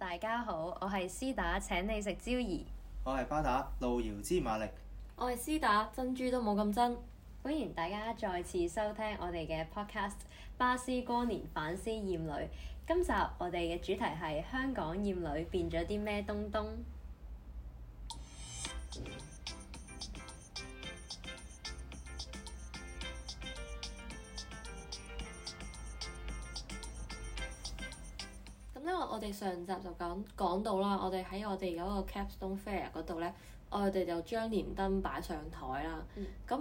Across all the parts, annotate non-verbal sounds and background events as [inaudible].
大家好，我係絲打，請你食蕉兒。我係巴打，路遙知馬力。我係絲打，珍珠都冇咁真。歡迎大家再次收聽我哋嘅 podcast《巴斯光年反思厭女》。今集我哋嘅主題係香港厭女變咗啲咩東東。 [noise] 我哋上集就講講到啦，我哋喺我哋嗰個 Capstone Fair 嗰度咧，我哋就將連登擺上台啦。咁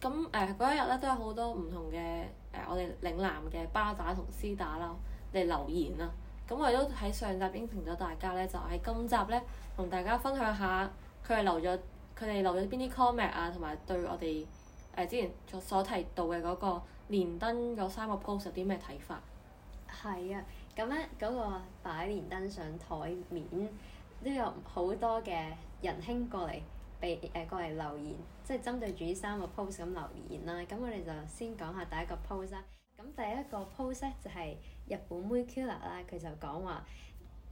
咁誒嗰一日咧，都有好多唔同嘅誒、呃，我哋嶺南嘅巴打同絲打啦嚟留言啊。咁我哋都喺上集應承咗大家咧，就喺今集咧同大家分享下佢哋留咗佢哋留咗邊啲 comment 啊，同埋對我哋誒、呃、之前所提到嘅嗰個連登嗰三個 post 有啲咩睇法？係啊。咁咧嗰個版連登上台面，都有好多嘅人兄過嚟，俾、呃、誒過嚟留言，即係針對住呢三個 post 咁留言啦。咁我哋就先講下第一個 post 啦。咁第一個 post 咧就係、是、日本妹 killer 啦，佢就講話，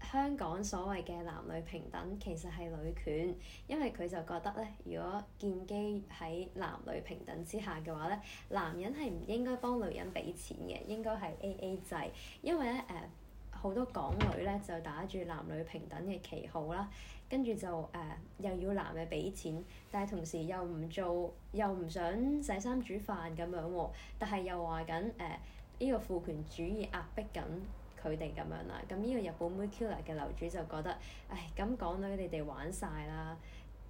香港所謂嘅男女平等其實係女權，因為佢就覺得咧，如果建基喺男女平等之下嘅話咧，男人係唔應該幫女人俾錢嘅，應該係 AA 制。因為咧誒，好、呃、多港女咧就打住男女平等嘅旗號啦，跟住就誒、呃、又要男嘅俾錢，但係同時又唔做又唔想洗衫煮飯咁樣喎，但係又話緊誒呢個父權主義壓迫緊。佢哋咁樣啦，咁呢個日本妹 killer 嘅樓主就覺得，唉，咁港女你哋玩晒啦，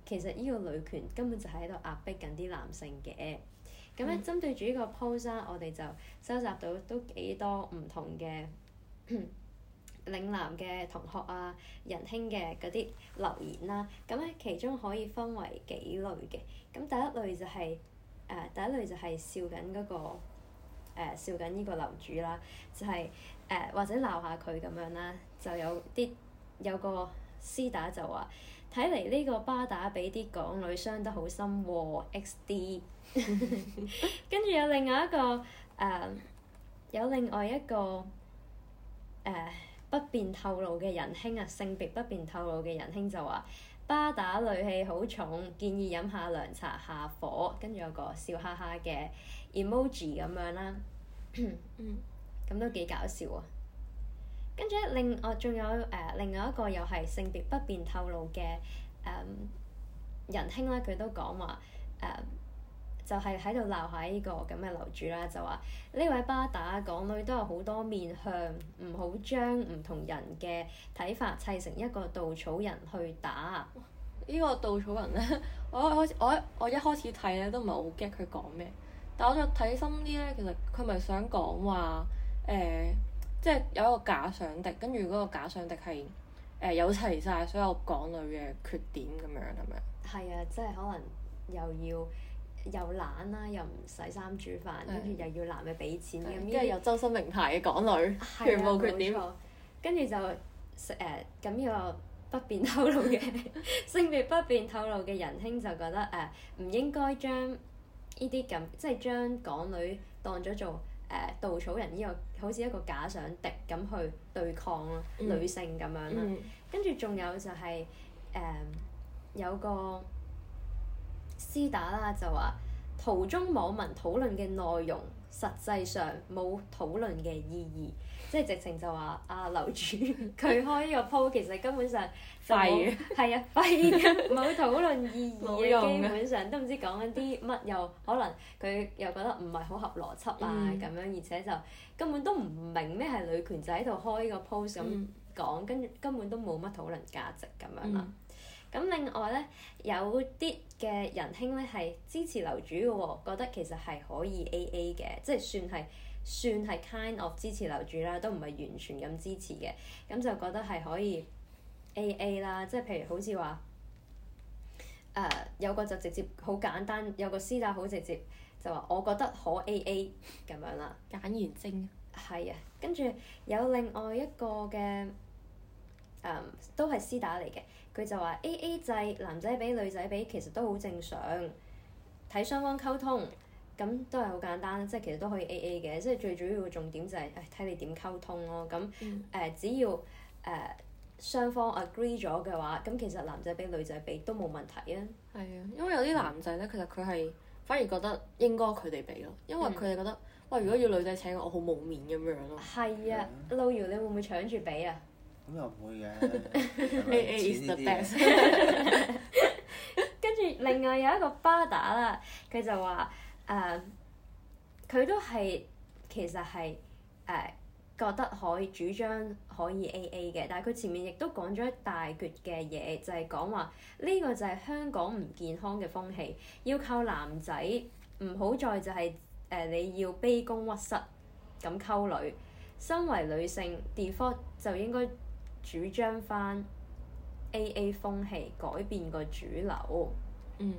其實呢個女權根本就喺度壓迫緊啲男性嘅。咁咧、嗯、針對住呢個 pose，我哋就收集到都幾多唔同嘅嶺南嘅同學啊、人兄嘅嗰啲留言啦、啊。咁咧其中可以分為幾類嘅，咁第一類就係、是，誒、呃、第一類就係笑緊嗰、那個，呃、笑緊呢個樓主啦，就係、是。誒、uh, 或者鬧下佢咁樣啦，就有啲有個絲打就話，睇嚟呢個巴打俾啲港女傷得好深喎，XD。跟住 [laughs] [laughs] 有另外一個誒，uh, 有另外一個誒、uh, 不便透露嘅人兄啊，性別不便透露嘅人兄就話，巴打戾氣好重，建議飲下涼茶下火，跟住有個笑哈哈嘅 emoji 咁樣啦。咁都幾搞笑啊！跟住另外，仲有誒、呃，另外一個又係性別不便透露嘅誒、呃、人兄咧，佢都講話誒，就係喺度鬧下呢個咁嘅樓主啦。就話呢位巴打港女都有好多面向，唔好將唔同人嘅睇法砌成一個稻草人去打。呢、呢個稻草人咧，我開始我我，我一開始睇咧都唔係好 get 佢講咩，但我再睇深啲咧，其實佢咪想講話。誒、呃，即係有一個假想敵，跟住嗰個假想敵係誒有齊晒所有港女嘅缺點咁樣，係咪？係啊，即係可能又要又懶啦，又唔洗衫煮飯，跟住、啊、又要男嘅俾錢，跟住又周身名牌嘅港女，全部缺點。跟住、啊、就誒，咁、呃、呢個不便透露嘅 [laughs] [laughs] 性別不便透露嘅仁兄就覺得誒，唔、呃、應該將呢啲咁，即係將港女當咗做。Uh, 稻草人呢，這個好似一個假想敵咁去對抗女性咁、嗯、樣啦，跟住仲有就係、是、誒、uh, 有個絲打啦，就話圖中網民討論嘅內容實際上冇討論嘅意義。即係直情就話啊，樓主佢開呢個 po，其實根本上就係壞的 啊廢嘅，冇討論意義嘅，用基本上都唔知講緊啲乜，又可能佢又覺得唔係好合邏輯啊咁、嗯、樣，而且就根本都唔明咩係女權就喺度開呢個 po 咁講，跟、嗯、根本都冇乜討論價值咁樣啦。咁、嗯、另外咧，有啲嘅人兄咧係支持樓主嘅喎，覺得其實係可以 A A 嘅，即係算係。算係 kind of 支持樓主啦，都唔係完全咁支持嘅，咁就覺得係可以 AA 啦，即係譬如好似話，誒、呃、有個就直接好簡單，有個私打好直接就話，我覺得可 AA 咁樣啦。簡完精。係啊，跟住有另外一個嘅誒、嗯，都係私打嚟嘅，佢就話 AA 制，男仔俾女仔俾，其實都好正常，睇雙方溝通。咁、嗯、都係好簡單，即係其實都可以 A A 嘅，即係最主要嘅重點就係、是，誒、哎、睇你點溝通咯。咁、嗯、誒、嗯、只要誒、呃、雙方 agree 咗嘅話，咁其實男仔俾女仔俾都冇問題啊。係啊，因為有啲男仔咧，其實佢係反而覺得應該佢哋俾咯，因為佢哋覺得，喂、嗯，如果要女仔請我，我好冇面咁樣咯。係啊路 u 你會唔會搶住俾啊？咁又唔會嘅，A A 跟住 [laughs] [laughs] [laughs] 另外有一個巴打啦，佢就話。誒，佢、uh, 都係其實係誒、uh, 覺得可以主張可以 A A 嘅，但係佢前面亦都講咗一大橛嘅嘢，就係講話呢個就係香港唔健康嘅風氣，要靠男仔唔好再就係、是、誒、uh, 你要卑躬屈膝咁溝女，身為女性 defo 就應該主張翻 A A 風氣，改變個主流。嗯。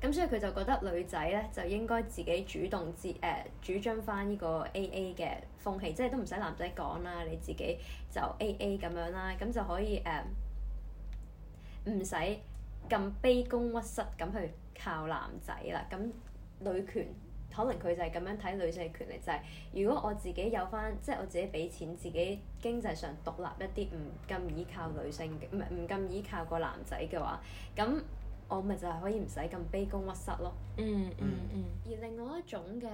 咁所以佢就覺得女仔咧就應該自己主動接誒、呃、主張翻呢個 A A 嘅風氣，即係都唔使男仔講啦，你自己就 A A 咁樣啦，咁就可以誒唔使咁卑躬屈膝咁去靠男仔啦。咁女權可能佢就係咁樣睇女性嘅權利，就係、是、如果我自己有翻，即、就、係、是、我自己俾錢，自己經濟上獨立一啲，唔咁依靠女性，唔唔咁依靠個男仔嘅話，咁。我咪就係可以唔使咁卑躬屈膝咯。嗯嗯嗯。嗯嗯而另外一種嘅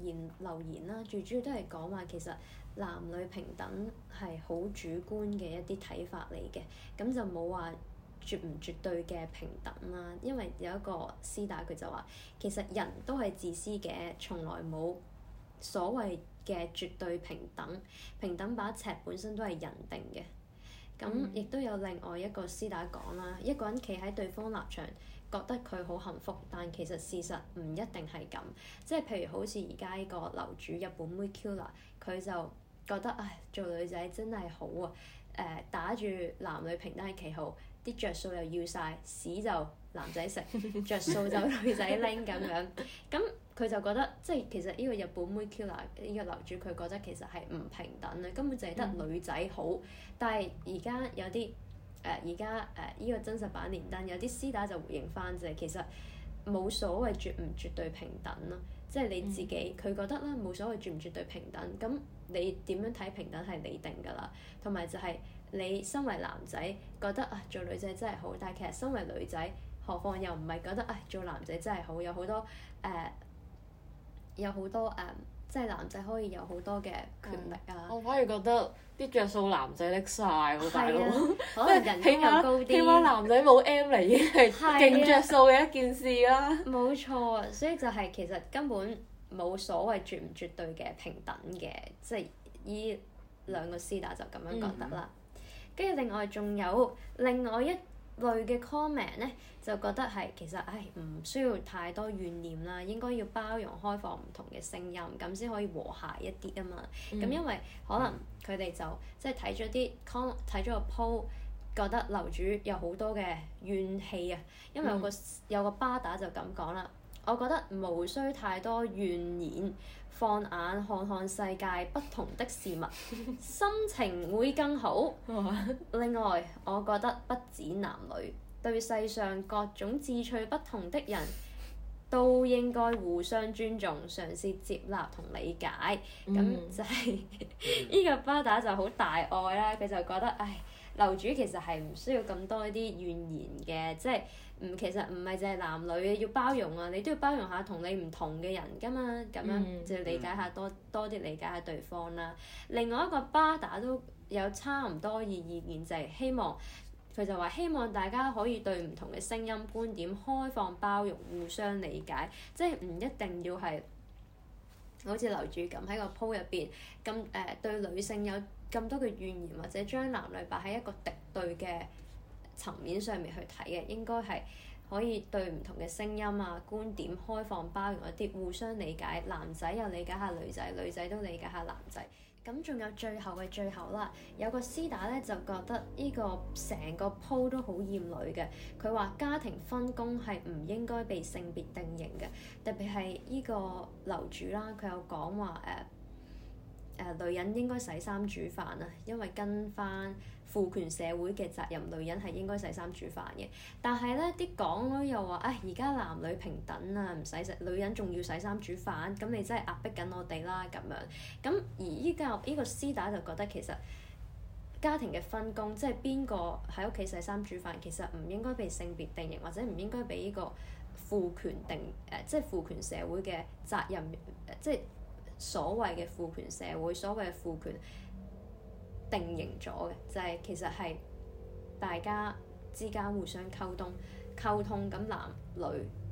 言留言啦，最主要都係講話其實男女平等係好主觀嘅一啲睇法嚟嘅，咁就冇話絕唔絕對嘅平等啦。因為有一個絲打佢就話，其實人都係自私嘅，從來冇所謂嘅絕對平等，平等把尺本身都係人定嘅。咁亦都有另外一個師打講啦，一個人企喺對方立場，覺得佢好幸福，但其實事實唔一定係咁。即係譬如好似而家呢個樓主日本妹 Kula，佢就覺得唉，做女仔真係好啊！誒、呃，打住男女平等嘅旗號，啲着數又要晒，屎就男仔食，着 [laughs] 數就女仔拎咁樣，咁。佢就覺得即係其實呢個日本妹 killer 呢個樓主佢覺得其實係唔平等咧，根本就係得女仔好。嗯、但係而家有啲誒，而家誒呢個真實版連登有啲絲打就回應翻啫。其實冇所謂絕唔絕對平等咯，即係你自己佢、嗯、覺得啦冇所謂絕唔絕對平等。咁你點樣睇平等係你定㗎啦？同埋就係你身為男仔覺得啊做女仔真係好，但係其實身為女仔何況又唔係覺得啊做男仔真係好有好多誒。啊啊啊啊有好多誒、嗯，即係男仔可以有好多嘅權力啊！嗯、我反而覺得啲着數男仔搦曬喎，大佬，即係高啲。起碼 [laughs] 男仔冇 M 嚟已經係勁着數嘅一件事啦、啊。冇 [laughs] 錯啊，所以就係其實根本冇所謂絕唔絕對嘅平等嘅，即係依兩個師打就咁樣覺得啦。跟住、嗯、另外仲有另外一類嘅 comment 咧，就覺得係其實唉，唔需要太多怨念啦，應該要包容開放唔同嘅聲音，咁先可以和諧一啲啊嘛。咁、嗯、因為可能佢哋就即係睇咗啲 comment 睇咗個 post，覺得樓主有好多嘅怨氣啊，因為有個、嗯、有個巴打就咁講啦。我覺得無需太多怨言，放眼看看世界不同的事物，心情會更好。 [laughs] 另外，我覺得不止男女，對世上各種志趣不同的人都應該互相尊重，嘗試接納同理解。咁，嗯，就係呢 [laughs] 個巴打就好大愛啦！佢就覺得，唉，樓主其實係唔需要咁多一啲怨言嘅，即係。嗯，其實唔係淨係男女要包容啊，你都要包容下你同你唔同嘅人噶嘛，咁樣就理解下、嗯嗯、多多啲理解下對方啦。另外一個巴打都有差唔多嘅意見，就係、是、希望佢就話希望大家可以對唔同嘅聲音觀點開放包容，互相理解，即係唔一定要係好似樓主咁喺個 po 入邊咁誒對女性有咁多嘅怨言，或者將男女擺喺一個敵對嘅。層面上面去睇嘅，應該係可以對唔同嘅聲音啊、觀點開放包容一啲，互相理解男仔又理解下女仔，女仔都理解下男仔。咁仲、嗯、有最後嘅最後啦，有個師打呢，就覺得呢個成個鋪都好厭女嘅。佢話家庭分工係唔應該被性別定型嘅，特別係呢個樓主啦，佢有講話誒。Uh, 誒、呃、女人應該洗衫煮飯啊，因為跟翻父權社會嘅責任，女人係應該洗衫煮飯嘅。但係呢啲港女又話，唉、哎，而家男女平等啊，唔使食女人仲要洗衫煮飯，咁你真係壓迫緊我哋啦咁樣。咁而依家呢個師、這個、打，就覺得其實家庭嘅分工，即係邊個喺屋企洗衫煮飯，其實唔應該被性別定型，或者唔應該被呢個父權定誒、呃，即係父權社會嘅責任、呃、即係。所謂嘅父權社會，所謂嘅父權定型咗嘅，就係、是、其實係大家之間互相溝通、溝通咁，男女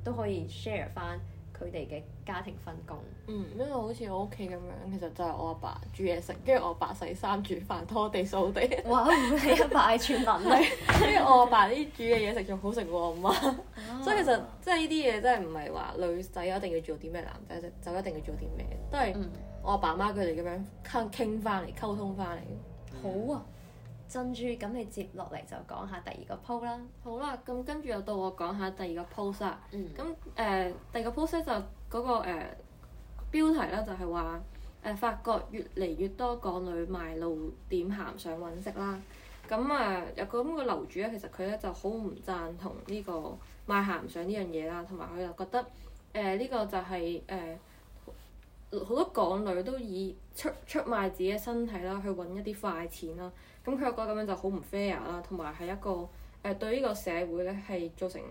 都可以 share 翻。佢哋嘅家庭分工，嗯，因為好似我屋企咁樣，其實就係我阿爸，爸煮嘢食，跟住我阿爸，爸洗衫、煮飯、拖地、掃地， [laughs] 哇，你阿爸，爸全能啊！跟住 [laughs] [laughs] 我阿爸呢煮嘅嘢食仲好食過我媽，啊、所以其實即係呢啲嘢真係唔係話女仔一定要做啲咩，男仔就一定要做啲咩，都係我阿爸，爸媽佢哋咁樣傾翻嚟、溝通翻嚟，嗯、好啊。珍珠咁，你接落嚟就講下第二個 post 啦。好啦，咁跟住又到我講下第二個 post 啦。咁誒、嗯呃，第二個 post 咧就嗰、那個誒、呃、標題啦，就係話誒發覺越嚟越多港女賣路點鹹上揾食啦。咁啊、呃，有個咁嘅樓主咧，其實佢咧就好唔贊同呢、這個賣鹹上呢樣嘢啦，同埋佢又覺得誒呢、呃這個就係、是、誒。呃好多港女都以出出賣自己嘅身體啦，去揾一啲快錢啦。咁佢又覺得咁樣就好唔 fair 啦，同埋係一個誒、呃、對呢個社會咧係造成誒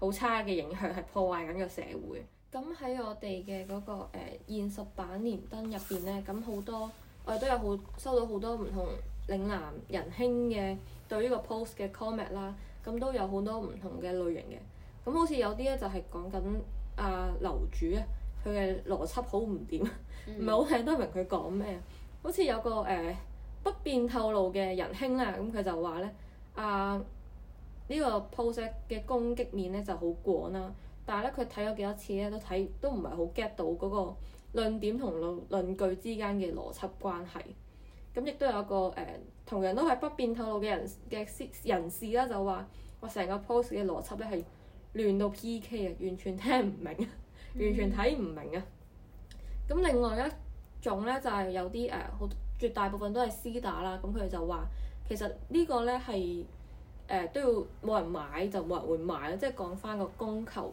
好、呃、差嘅影響，係破壞緊個社會。咁喺我哋嘅嗰個誒、呃、現實版連登入邊呢，咁好多我哋都有好收到好多唔同嶺南人兄嘅對呢個 post 嘅 comment 啦。咁都有好多唔同嘅類型嘅。咁好似有啲咧就係講緊阿樓主啊。佢嘅邏輯好唔掂，唔係好聽得明佢講咩，好似有個誒不便透露嘅仁兄啦，咁佢就話咧啊呢個 post 嘅攻擊面咧就好廣啦，但係咧佢睇咗幾多次咧都睇都唔係好 get 到嗰個論點同論論據之間嘅邏輯關係，咁亦都有個誒、呃、同樣都係不便透露嘅人嘅人士啦，就話我成個 post 嘅邏輯咧係亂到 PK 啊，完全聽唔明。嗯 [laughs] 完全睇唔明啊！咁、嗯、另外一種咧，就係、是、有啲誒，好、呃、絕大部分都係私打啦。咁佢哋就話其實呢個咧係誒都要冇人買就冇人會買咯，即係講返個供求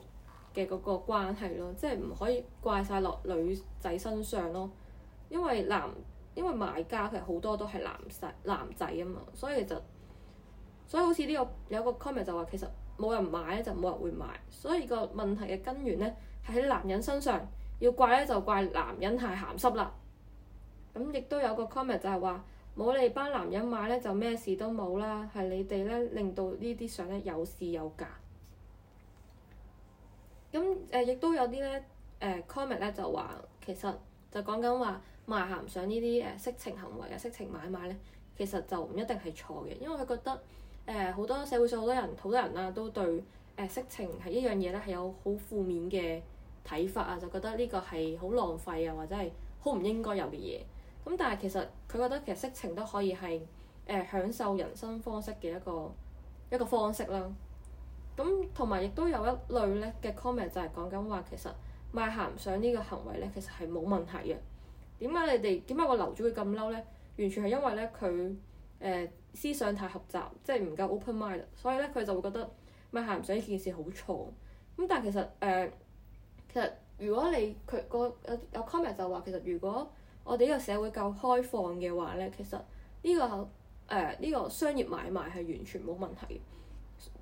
嘅嗰個關係咯，即係唔可以怪晒落女仔身上咯。因為男因為買家其實好多都係男仔男仔啊嘛，所以其實所以好似呢、這個有個 comment 就話其實冇人買咧就冇人會買，所以個問題嘅根源咧，喺男人身上，要怪咧就怪男人太鹹濕啦。咁亦都有個 comment 就係話，冇你班男人買咧就咩事都冇啦，係你哋咧令到呢啲相咧有市有價。咁誒亦都有啲咧誒 comment 咧就話，其實就講緊話賣鹹相呢啲誒色情行為啊、色情買賣咧，其實就唔一定係錯嘅，因為佢覺得誒呃、好多社會上好多人、好多人啦都對誒色情係一樣嘢咧係有好負面嘅。睇法啊，就覺得呢個係好浪費啊，或者係好唔應該有嘅嘢。咁但係其實佢覺得其實色情都可以係誒、呃、享受人生方式嘅一個一個方式啦。咁同埋亦都有一類咧嘅 comment 就係講緊話其實賣鹹相呢個行為咧，其實係冇問題嘅。點解你哋點解個樓主會咁嬲咧？完全係因為咧佢誒思想太狹窄，即係唔夠 open mind，所以咧佢就會覺得賣鹹相呢件事好錯。咁但係其實誒。呃其實，如果你佢、個有有 comment 就話，其實如果我哋呢個社會夠開放嘅話咧，其實呢、呢個誒呢、呃呢個商業買賣係完全冇問題。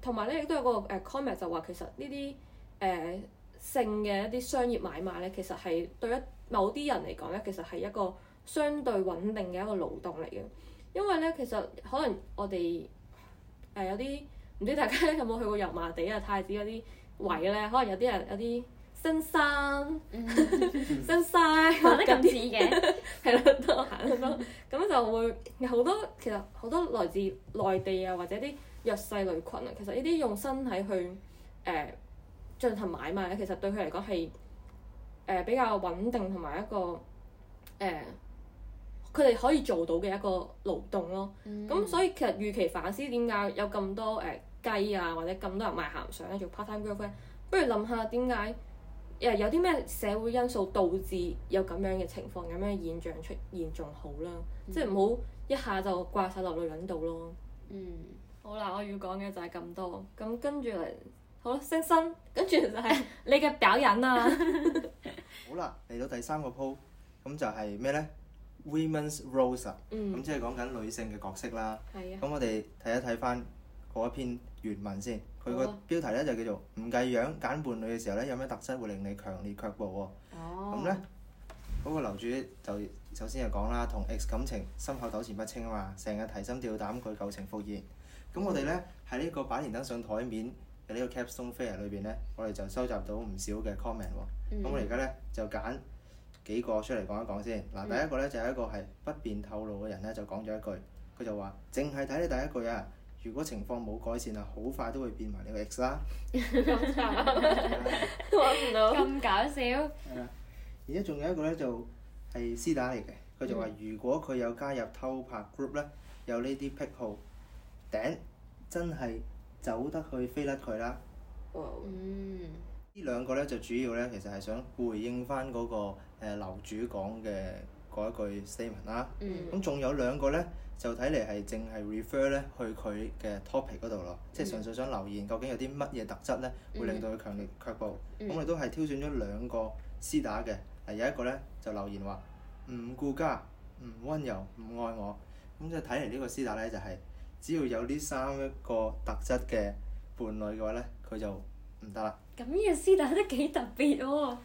同埋咧，亦都有，有個誒 comment 就話，其實呢啲誒性嘅一啲商業買賣咧，其實係對一某啲人嚟講咧，其實係一個相對穩定嘅一個勞動嚟嘅。因為咧，其實可能我哋誒、呃、有啲唔知大家有冇去過油麻地啊太子嗰啲位咧，可能有啲人有啲。新衫，新衫，行得咁似嘅，係啦， [laughs] 都行得多，咁就會有好多其實好多來自內地啊，或者啲弱勢女群。啊，其實呢啲用身體去誒、呃、進行買賣啊，其實對佢嚟講係誒比較穩定同埋一個誒佢哋可以做到嘅一個勞動咯。咁、嗯、所以其實預期反思點解有咁多誒、呃、雞啊，或者咁多人賣鹹相做 part time girlfriend，不如諗下點解？有啲咩社會因素導致有咁樣嘅情況，咁樣嘅現象出現？仲好啦，嗯、即係唔好一下就掛晒落女人度咯。嗯，好啦，我要講嘅就係咁多，咁跟住嚟，好啦，星星，跟住就係你嘅表演啦。 [laughs] [laughs] 好啦，嚟到第三個鋪，咁就係咩咧？Women’s roles，咁即係講緊女性嘅角色啦。係啊、嗯。咁我哋睇一睇翻嗰一篇原文先。佢個標題咧就叫做唔計樣揀伴侶嘅時候咧，有咩特質會令你強烈卻步喎？咁咧，嗰個樓主就首先就講啦，同 ex 感情深厚糾纏不清啊嘛，成日提心吊膽佢舊情復現。咁我哋咧喺呢個版連登上台面嘅呢個 caption fair 入裏邊咧，我哋就收集到唔少嘅 comment 喎。咁我哋而家咧就揀幾個出嚟講一講先。嗱，第一個咧就係一個係不便透露嘅人咧，就講咗一句，佢就話：淨係睇你第一句啊！如果情況冇改善啊，好快都會變埋呢個 X 啦。咁慘，揾唔到。咁搞笑。係啊，而家仲有一個咧，就係私打嚟嘅。佢就話：如果佢有加入偷拍 group 咧，有呢啲癖好頂，真係走得去飛甩佢啦。哦。嗯。呢兩個咧就主要咧，其實係想回應翻嗰個誒樓主講嘅。講一句 statement 啦，咁仲、嗯、有兩個咧，就睇嚟係淨係 refer 咧去佢嘅 topic 嗰度咯，嗯、即係純粹想留言，究竟有啲乜嘢特質咧、嗯、會令到佢強烈卻步？咁、嗯、我哋都係挑選咗兩個私打嘅，有一個咧就留言話唔顧家、唔温柔、唔愛我，咁就睇嚟呢個私打咧就係、是、只要有呢三一個特質嘅伴侶嘅話咧，佢就唔得啦。咁呢個私打都幾特別喎、哦，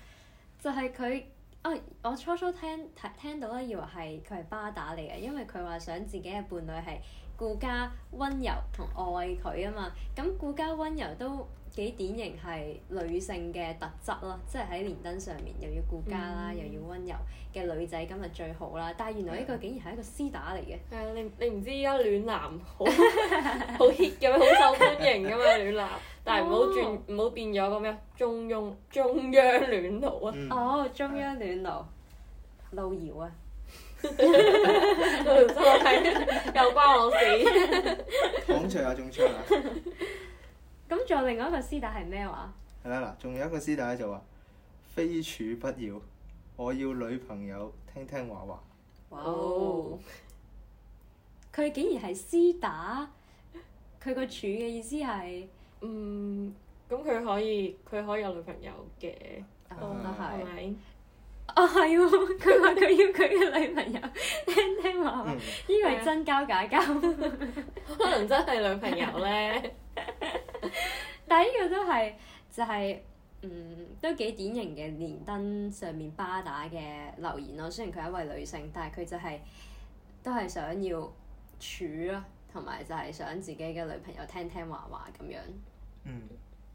就係、是、佢。啊！Oh，我初初聽聽到咧，以為係佢係巴打嚟嘅，因為佢話想自己嘅伴侶係顧家、温柔同愛佢啊嘛。咁顧家、温柔都～幾典型係女性嘅特質咯，即係喺連登上面又要顧家啦，又要温柔嘅女仔今日最好啦。但係原來呢個竟然係一個絲打嚟嘅。係啊，你你唔知依家暖男好好 hit 嘅咩？好受歡迎嘅嘛暖男，但係唔好轉唔好變咗個咩啊？中央，中央暖爐啊！哦，中央暖爐，撈妖啊！又關我事，躺槍又中槍啊！咁仲有另外一個師打係咩話？係啦，嗱，仲有一個師打就話非處不要，我要女朋友聽聽話話。哇 Wow.、哦！佢竟然係師打，佢個處嘅意思係嗯，咁佢可以佢可以有女朋友嘅，都、uh, 得係。啊係喎，佢話佢要佢嘅女朋友 [laughs] 聽聽話話，呢個係真交假交？ [laughs] [laughs] 可能真係女朋友咧。 [laughs] [laughs] 但係呢個都係，就係、是、嗯都幾典型嘅連登上面巴打嘅留言咯。雖然佢係一位女性，但係佢就係、是、都係想要處咯，同埋就係想自己嘅女朋友聽聽話話咁樣。嗯。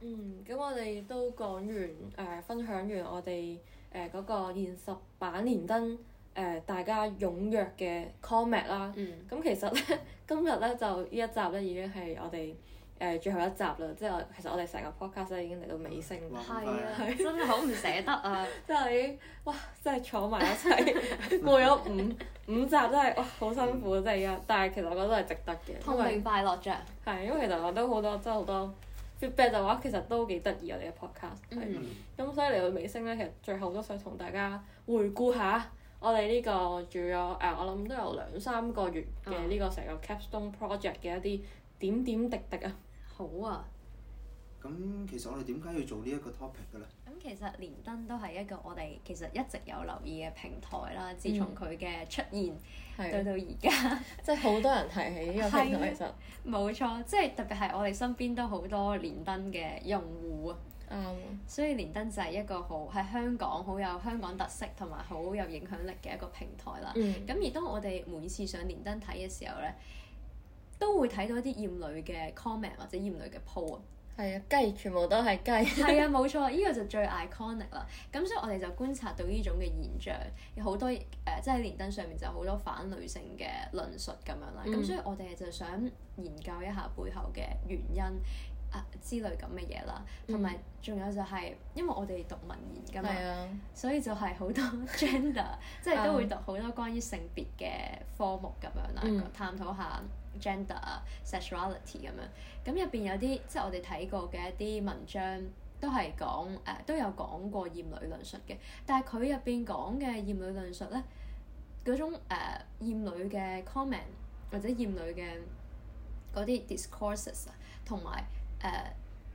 嗯，咁我哋都講完誒、呃，分享完我哋誒嗰個現實版連登誒，大家踴躍嘅 comment 啦。嗯。咁其實咧，今日咧就呢一集咧已經係我哋。誒最後一集啦，即係其實我哋成個 podcast 已經嚟到尾聲啦，係、啊、嗎真係好唔捨得啊！即係 [laughs] 你，經哇，真係坐埋一齊 [laughs] 過咗五 [laughs] 五集，真係哇好辛苦啊！真係、嗯，但係其實我覺得係值得嘅，痛並快樂着，係因為其實我都好多真係好多 feedback 嘅就話其實都幾得意我哋嘅 podcast，咁所以嚟到尾聲咧，其實最後都想同大家回顧下我哋呢個住咗誒我諗都有兩三個月嘅呢個成個 capstone project 嘅一啲點點滴滴啊！好啊！咁其實我哋點解要做呢一個 topic 嘅咧？咁其實連登都係一個我哋其實一直有留意嘅平台啦，嗯、自從佢嘅出現係到到而家，即係好多人提起呢個平台，其實冇錯，即、就、係、是、特別係我哋身邊都好多連登嘅用戶啊，啱、嗯、所以連登就係一個好喺香港好有香港特色同埋好有影響力嘅一個平台啦。咁、嗯、而當我哋每次上連登睇嘅時候咧，都會睇到一啲厭女嘅 comment 或者厭女嘅 po 啊，係啊，雞全部都係雞，係啊， [laughs] 冇錯，呢、這個就最 iconic 啦。咁所以我哋就觀察到呢種嘅現象，有好多誒、呃，即係喺連登上面就好多反女性嘅論述咁樣啦。咁、嗯、所以我哋就想研究一下背後嘅原因啊之類咁嘅嘢啦，同埋仲有就係、是、因為我哋讀文言㗎嘛，嗯、所以就係好多 gender [laughs] 即係都會讀好多關於性別嘅科目咁樣啦，嗯、探討下。gender 啊，sexuality 咁樣，咁入邊有啲即係我哋睇過嘅一啲文章都，都係講誒都有講過厭女論述嘅。但係佢入邊講嘅厭女論述咧，嗰種誒厭女嘅 comment 或者厭女嘅嗰啲 discourses 啊，同埋誒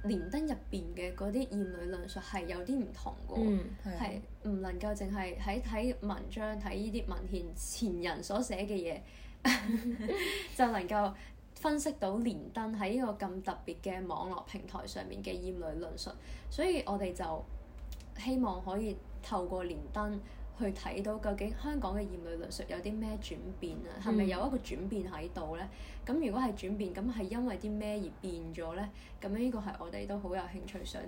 連登入邊嘅嗰啲厭女論述係有啲唔同嘅，係唔、嗯、能夠淨係喺睇文章睇呢啲文獻前人所寫嘅嘢。 [laughs] 就能夠分析到連登喺呢個咁特別嘅網絡平台上面嘅厭女論述，所以我哋就希望可以透過連登去睇到究竟香港嘅厭女論述有啲咩轉變啊？係咪、嗯、有一個轉變喺度呢？咁如果係轉變，咁係因為啲咩而變咗呢？咁樣呢個係我哋都好有興趣想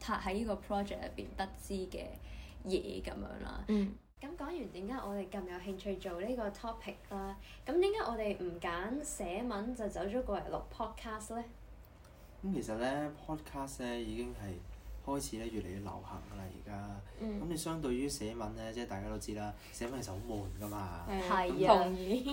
攤喺呢個 project 入邊得知嘅嘢咁樣啦。嗯咁講完點解我哋咁有興趣做呢個 topic 啦？咁點解我哋唔揀寫文就走咗過嚟錄 podcast 咧？咁其實咧 podcast 咧已經係開始咧越嚟越流行噶啦，而家。咁你、嗯、相對於寫文咧，即係大家都知啦，文啊、寫文就好悶噶嘛。係啊。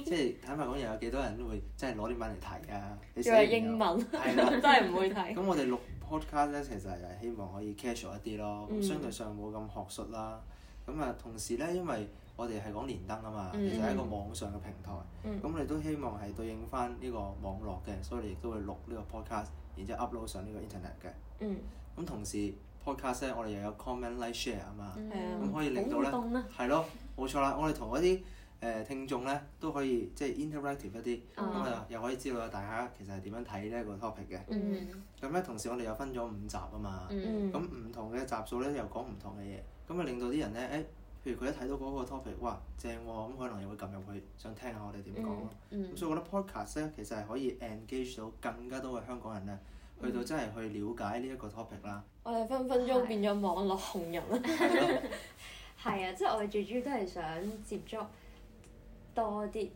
即係坦白講，又有幾多人都會真係攞啲文嚟睇啊？仲係英文，了 [laughs] 真係唔會睇。咁我哋錄 podcast 咧，其實係希望可以 casual 一啲咯，嗯、相對上冇咁學術啦。咁啊，同時咧，因為我哋係講連登啊嘛，其實係一個網上嘅平台，咁、嗯、我哋都希望係對應翻呢個網絡嘅，所以你亦都會錄呢個 podcast，然之後 upload 上呢個 internet 嘅。嗯。咁同時 podcast 咧，我哋又有 comment、like、share 啊嘛，咁、嗯、可以令到咧，係咯，冇錯啦，我哋同一啲。誒聽眾咧都可以即係 interactive 一啲，咁啊又可以知道啊大家其實係點樣睇呢一個 topic 嘅。咁咧同時我哋又分咗五集啊嘛，咁唔同嘅集數咧又講唔同嘅嘢，咁啊令到啲人咧誒，譬如佢一睇到嗰個 topic，哇正喎，咁可能又會撳入去想聽下我哋點講囉。咁所以我覺得 podcast 咧其實係可以 engage 到更加多嘅香港人啊，去到真係去了解呢一個 topic 啦。我哋分分鐘變咗網絡紅人啊！係啊，即係我哋最主要都係想接觸。多啲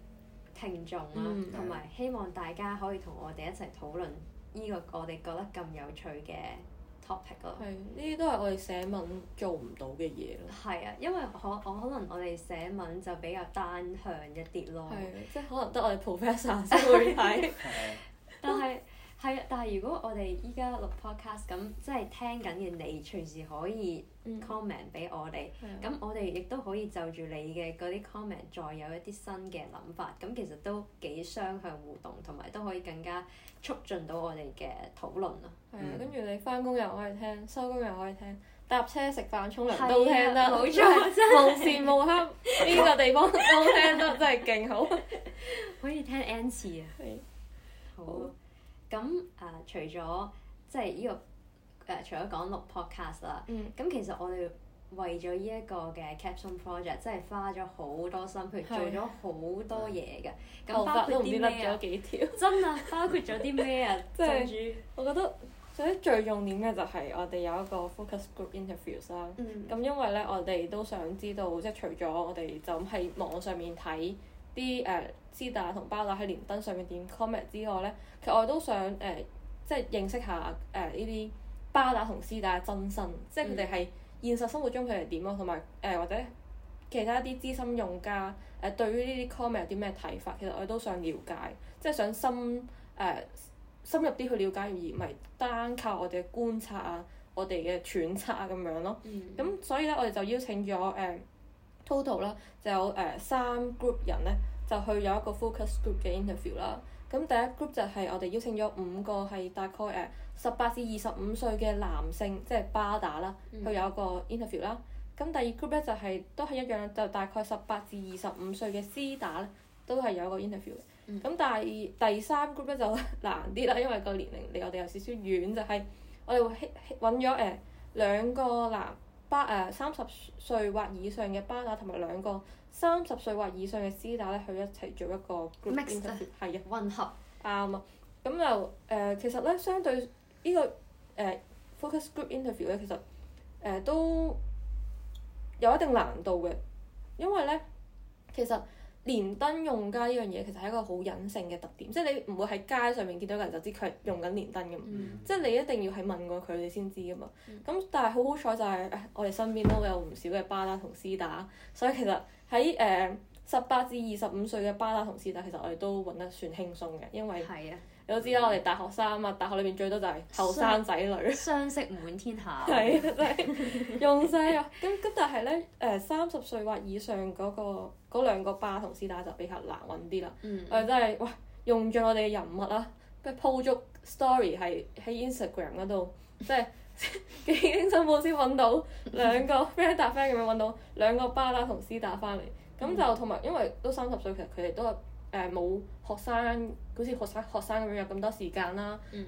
聽眾啊，同埋、嗯、希望大家可以同我哋一齊討論呢個我哋覺得咁有趣嘅 topic 咯。係，呢啲都係我哋寫文做唔到嘅嘢咯。係啊，因為我我可能我哋寫文就比較單向一啲咯，即係可能得我哋 professor 先會睇，但係。係啊，但係如果我哋依家錄 podcast 咁，即係聽緊嘅你隨時可以 comment 俾我哋，咁、嗯、我哋亦都可以就住你嘅嗰啲 comment 再有一啲新嘅諗法，咁其實都幾雙向互動，同埋都可以更加促進到我哋嘅討論啊！係啊、嗯，跟住你返工又可以聽，收工又可以聽，搭車食飯沖涼對都聽得，好彩無時無刻呢個地方都聽得真係勁好， [laughs] 可以聽 N 次啊！的好。咁誒、呃，除咗即係呢、這個誒、呃，除咗講錄 podcast 啦、嗯，咁其實我哋為咗呢一個嘅 caption project，真係花咗好多心，去是做咗好多嘢嘅。咁、嗯、包括咗咩啊？ [laughs] 真啊！包括咗啲咩啊？即係，我覺得所以最重點嘅就係我哋有一個 focus group interview 啦、嗯。咁因為咧，我哋都想知道，即係除咗我哋就喺網上面睇。啲誒師打同巴打喺連登上面點 comment 之外咧，其實我哋都想誒、呃，即係認識下誒呢啲巴打同師打嘅真身，即係佢哋係現實生活中佢哋點咯，同埋誒或者其他啲資深用家誒、呃、對於呢啲 comment 有啲咩睇法，其實我哋都想了解，即係想深誒、呃、深入啲去了解，而唔係單靠我哋嘅觀察啊，我哋嘅揣測咁樣咯。咁、嗯、所以咧，我哋就邀請咗誒、呃 total 啦，就有誒三 group 人咧，就去有一個 focus group 嘅 interview 啦。咁第一 group 就係我哋邀請咗五個係大概誒十八至二十五歲嘅男性，即係巴打啦，佢有一個 interview 啦、嗯。咁第二 group 咧就係都係一樣，就大概十八至二十五歲嘅 C 打咧，都係有一個 interview 嘅。嗯。咁但係第三 group 咧就難啲啦，因為個年齡離我哋有少少遠，就係我哋會揾咗誒兩個男。八誒三十歲或以上嘅巴打同埋兩個三十歲或以上嘅絲打咧，去一齊做一個 group interview，係啊 Mix ed. 的，混合啱啊。咁、 [music] um, 就，誒、呃，其實咧，相對呢、這個誒、呃、focus group interview 咧，其實誒、呃、都有一定難度嘅，因為咧，其實。連登用家呢樣嘢其實係一個好隱性嘅特點，即係你唔會喺街上面見到個人就知佢係用緊連登㗎嘛。嗯、即係你一定要係問過佢你先知㗎嘛。咁、嗯、但係好好彩就係、是、我哋身邊都有唔少嘅巴打同絲打，所以其實喺誒十八至二十五歲嘅巴打同絲打，其實我哋都揾得算輕鬆嘅，因為。都知啦，我哋大學生啊嘛，大學裏面最多就係後生仔女，相識滿天下，真、 [laughs] 就是、用晒啊！咁咁但係咧，誒三十歲或以上嗰、那個嗰兩個巴同絲打就比較難揾啲啦。哋、嗯、真係喂，用盡我哋嘅人物啦，鋪足 story 係喺 Instagram 嗰度，即係、就是、 [laughs] 幾經辛苦先揾到、嗯、兩個 friend 搭 friend 咁樣揾到兩個巴啦同絲打翻嚟，咁就同埋、嗯、因為都三十歲，其實佢哋都。誒冇、呃、學生，好似學生學生咁樣有咁多時間啦，誒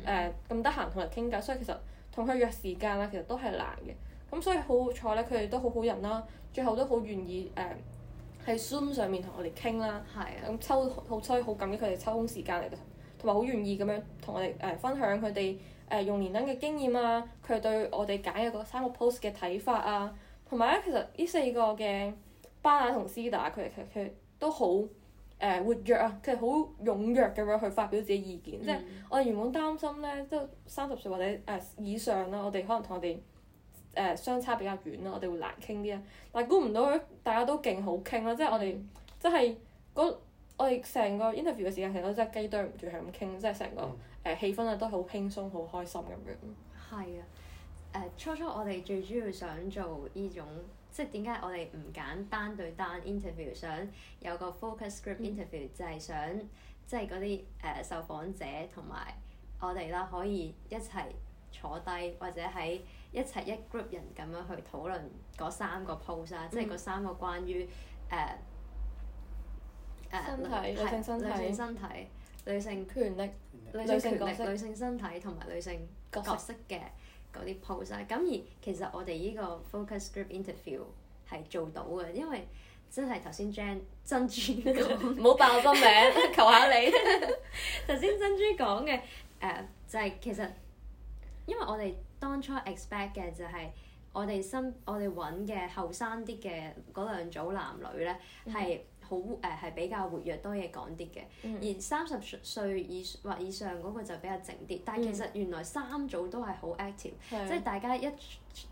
咁得閒同人傾偈，所以其實同佢約時間啦，其實都係難嘅。咁所以好彩咧，佢哋都好好人啦，最後都好願意誒喺、呃、Zoom 上面同我哋傾啦。係的。咁、嗯、抽好所以好感激佢哋抽空時間嚟同，同埋好願意咁樣同我哋誒、呃、分享佢哋誒用連登嘅經驗啊，佢哋對我哋揀嘅嗰三個 post 嘅睇法啊，同埋咧其實呢四個嘅巴打同絲打，佢哋其實佢都好。誒活躍啊，佢哋好踴躍咁樣去發表自己意見，嗯、即係我哋原本擔心咧，即係三十歲或者誒以上啦，我哋可能同我哋誒、呃、相差比較遠啦，我哋會難傾啲啊，但係估唔到大家都勁好傾咯，即係我哋、嗯、即係我哋成個 interview 嘅時間其實都真係雞堆唔住係咁傾，即係成個誒、呃、氣氛啊都好輕鬆、好開心咁樣。係啊，誒、呃、初初我哋最主要想做呢種。即係點解我哋唔揀單對單 interview，想有個 focus group interview，嗯、就係想即係嗰啲誒受訪者同埋我哋啦，可以一齊坐低或者喺一齊一 group 人咁樣去討論嗰三個 pose 啊，嗯、即係嗰三個關於誒誒，女性身體、女性身體、女性權力、女性權力、女性身體同埋女性角色嘅嗰啲 post 啊，咁而其實我哋呢個 focus group interview 係做到嘅，因為真係頭先 Jane 珍珠講，冇爆個名，求下你，頭先珍珠講嘅誒，就係其實因為我哋當初 expect 嘅就係我哋身我哋揾嘅後生啲嘅嗰兩組男女咧係。嗯好誒係、呃、比較活躍，多嘢講啲嘅。嗯、而三十歲以或以上嗰個就比較靜啲。但係其實原來三組都係好 active，即係大家一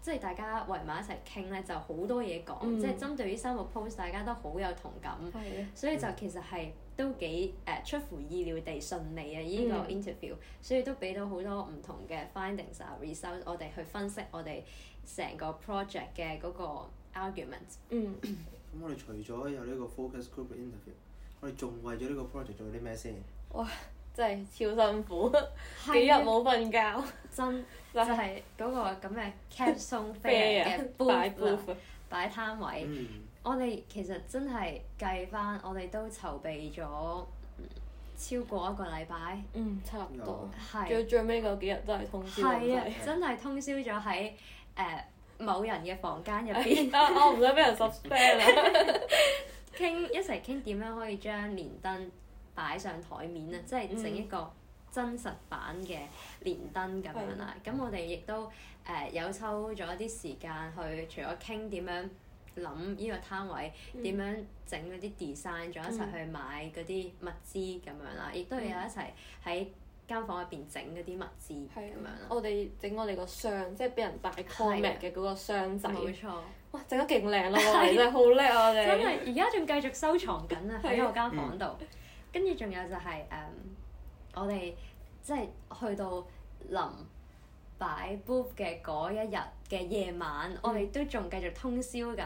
即係大家圍埋一齊傾咧，就好多嘢講。嗯、即係針對於三個 post，大家都好有同感。嗯、所以就其實係都幾誒、呃、出乎意料地順利啊、嗯！呢個 interview，所以都俾到好多唔同嘅 findings 啊，results，我哋去分析我哋成個 project 嘅嗰個 argument。嗯。咁、嗯、我哋除咗有呢個 focus group interview，我哋仲為咗呢個 project 做啲咩先？哇！真係超辛苦，幾日冇瞓覺。真就係嗰、那個咁嘅 cap 松飛嘅搬啦，擺攤位。嗯、我哋其實真係計翻，我哋都籌備咗超過一個禮拜。嗯，差唔多。係有。是最最尾嗰幾日都係通宵。係、啊，真係通宵咗喺誒。 [laughs] [laughs] 某人嘅房間入邊、哎，我唔想俾人拾聲啊！傾 [laughs] [laughs] 一齊傾點樣可以將連登擺上台面啊！嗯、即係整一個真實版嘅連登咁樣啦。咁的我哋亦都誒有抽咗啲時間去，除咗傾點樣諗呢個攤位，點、嗯、樣整嗰啲 design，仲一齊去買嗰啲物資咁樣啦。亦、嗯、都有一齊喺間房入邊整嗰啲物資，樣我哋整我哋個箱，即係俾人擺 comment 嘅嗰個箱仔。冇錯。哇！整得勁靚咯， [laughs] 的我哋真係好叻啊！我哋。真係，而家仲繼續收藏緊啊！喺我間房度。跟住仲有就係、是、誒，um, 我哋即係去到臨擺 boo 嘅嗰一日嘅夜晚， [music] 我哋都仲繼續通宵緊，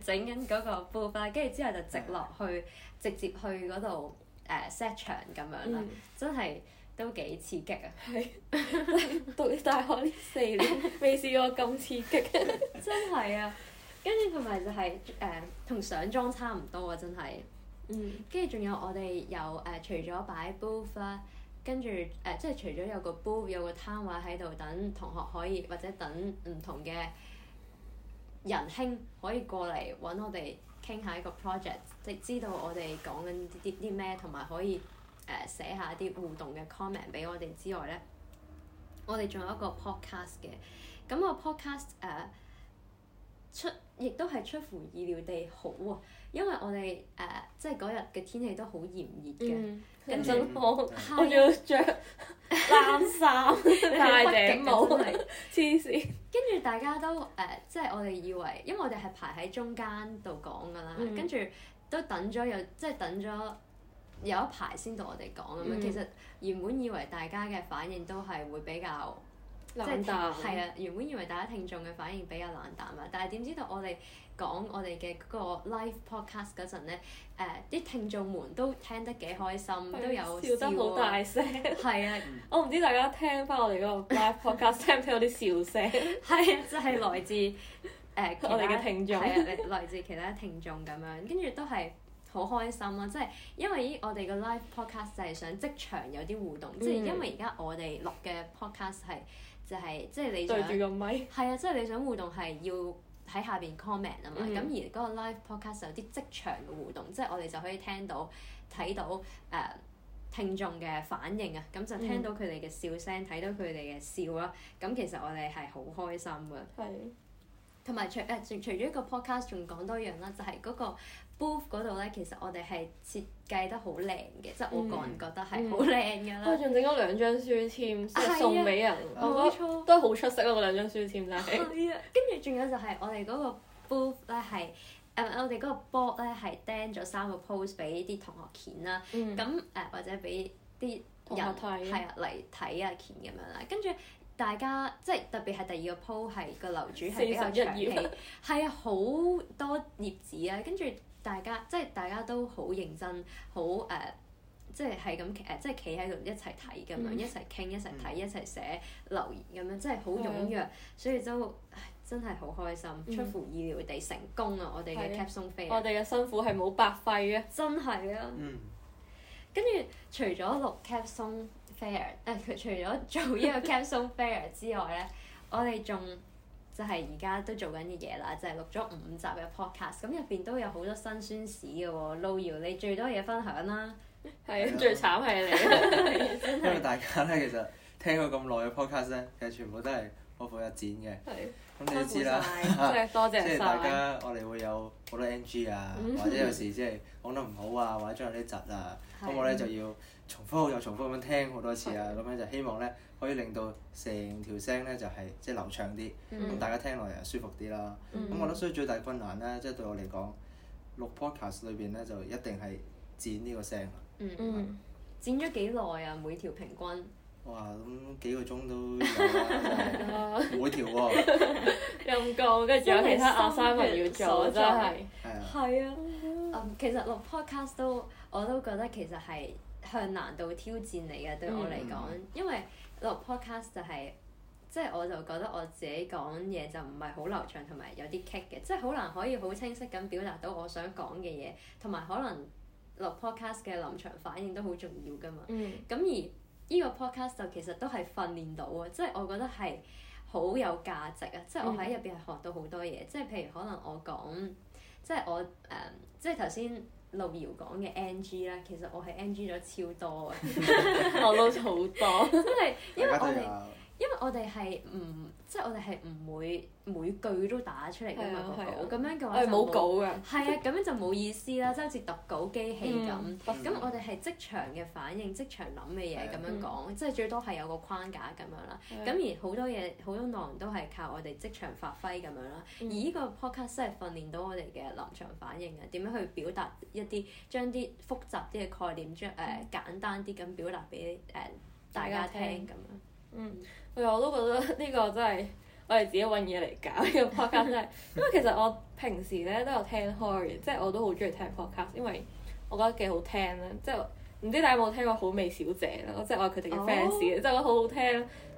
整緊嗰個 boo 翻，跟住之後就直落去， [laughs] 直接去嗰度。誒、uh, set 場咁樣啦，嗯、真係都幾刺激啊！是 [laughs] [laughs] 讀大學呢四年未 [laughs] 試過咁刺激， [laughs] [laughs] 真係啊！跟住同埋就係誒同上莊差唔多、嗯 uh, booth, 啊，真係。嗯。跟住仲有我哋有誒，除咗擺 booth 啦，跟住誒即係除咗有個 booth，有個攤位喺度等同學可以或者等唔同嘅人兄可，可以過嚟搵我哋。傾下一個 project，即係知道我哋講緊啲啲咩，同埋可以誒寫下啲互動嘅 comment 俾我哋之外咧，我哋仲有一個 podcast 嘅，咁個 podcast 誒、啊、出亦都係出乎意料地好喎。因為我哋誒、呃，即係嗰日嘅天氣都好炎熱嘅，跟住、嗯、我、嗯、我要著冷衫、 [laughs] 戴頂帽，黐線 [laughs] 帽。跟住 [laughs] 大家都誒、呃，即係我哋以為，因為我哋係排喺中間度講㗎啦，跟住、嗯、都等咗有，即、就、係、是、等咗有一排先到我哋講咁樣。嗯、其實原本以為大家嘅反應都係會比較冷淡，係啊，原本以為大家聽眾嘅反應比較冷淡啊，但係點知道我哋，講我哋嘅嗰個 live podcast 嗰陣咧，誒、呃、啲聽眾們都聽得幾開心，嗯、都有笑，笑得好大聲。係 [laughs] 啊！嗯、我唔知大家聽翻我哋嗰個 live podcast 聽唔聽到啲笑聲？係 [laughs] 啊，就係、是、來自誒、呃、我哋嘅聽眾啊，嚟來自其他聽眾咁樣，跟住都係好開心咯、啊！即、就、係、是、因為依我哋個 live podcast 就係想即場有啲互動，即係、嗯、因為而家我哋錄嘅 podcast 係，就係即係你想對住個咪，係啊，即、就、係、是、你想互動係要。喺下邊 comment 啊嘛，咁、mm hmm. 而嗰個 live podcast 有啲即場嘅互動，即、就、係、是、我哋就可以聽到睇到誒、呃、聽眾嘅反應啊，咁就聽到佢哋嘅笑聲，睇、mm hmm. 到佢哋嘅笑囉，咁其實我哋係好開心嘅。嗯同埋除誒除除咗一個 podcast，仲講多樣啦，就係嗰個 booth 嗰度咧，其實我哋係設計得好靚嘅，即係我個人覺得係好靚噶啦。我仲整咗兩張書簽，送俾人，我覺得都好出色啊，嗰兩張書簽咧。係啊。跟住仲有就係我哋嗰個 booth 咧，係誒我哋嗰個 board 咧係釘咗三個 post 俾啲同學鉛啦，咁誒或者俾啲人係啊嚟睇啊鉛咁樣啦，跟住。大家即係特別係第二個 po 係個樓主係比較長氣，係好月多葉子啊！跟住大家即係大家都好認真，好誒，uh, 即係係咁誒，uh, 即係企喺度一齊睇咁樣，一齊傾，一齊睇，一齊寫留言咁樣，即係好踴躍，所以都真係好開心，嗯、出乎意料地成功啊！我哋嘅 Capstone film，我哋嘅辛苦係冇白費嘅、嗯，真係啊嗯嗯！嗯，跟住除咗錄 Capstone 嗯嗯 fair，但、哎、佢除咗做呢個 c a m p s o l e fair 之外咧， [laughs] 我哋仲就係而家都在做緊嘅嘢啦，就係、是、錄咗五集嘅 podcast，咁入邊都有好多辛酸史嘅喎、哦。路遙，你最多嘢分享啦。係啊，是的最慘係你。 [laughs] 因為大家咧，其實聽過咁耐嘅 podcast 咧，其實全部都係波波一剪嘅。係的。咁你都知啦，即係多謝曬。即係 [laughs] 大家，我哋會有好多 NG 啊， [laughs] 或者有時即係講得唔好啊，或者將有啲窒啊，咁 [laughs] 我咧就要。重複又重複咁樣聽好多次啊，咁樣就希望咧可以令到成條聲咧就係即係流暢啲，咁大家聽落又舒服啲啦。咁我覺得所以最大困難咧，即係對我嚟講，錄 podcast 裏邊咧就一定係剪呢個聲。嗯，剪咗幾耐啊？每條平均。哇，咁幾個鐘都有每條喎，又唔夠，跟住有其他亞三個人要做，真係。係啊。其實錄 podcast 都我都覺得其實係向難度挑戰嚟嘅，對我嚟講，嗯、因為錄 podcast 就係、是，即、就、係、是、我就覺得我自己講嘢就唔係好流暢，同埋有啲棘嘅，即係好難可以好清晰咁表達到我想講嘅嘢，同埋可能錄 podcast 嘅臨場反應都好重要噶嘛。咁、嗯、而呢個 podcast 就其實都係訓練到啊，即、就、係、是、我覺得係好有價值啊，即、就、係、是、我喺入邊係學到好多嘢，即係、嗯、譬如可能我講，即、就、係、是、我誒，即係頭先。就是路遙講嘅 NG 啦，其實我係 NG 咗超多啊，我老咗好多，因為因為我哋。因為我哋係唔，即係我哋係唔會每句都打出嚟嘅嘛個稿，咁樣嘅話就冇稿嘅。係啊，咁樣就冇意思啦，即係好似讀稿機器咁。咁我哋係即場嘅反應，即場諗嘅嘢咁樣講，即係最多係有個框架咁樣啦。咁而好多嘢好多內容都係靠我哋即場發揮咁樣啦。而呢個 podcast 係訓練到我哋嘅臨場反應嘅，點樣去表達一啲將啲複雜啲嘅概念，將誒簡單啲咁表達俾誒大家聽咁樣。嗯。係，我都覺得呢個真係我哋自己揾嘢嚟搞呢個 podcast 真係， [laughs] 因為其實我平時咧都有聽 Harry，即係我都好中意聽 podcast，因為我覺得幾好聽啦。即係唔知大家有冇聽過好味小姐啦，即係我係佢哋嘅 fans，即係覺得好好聽。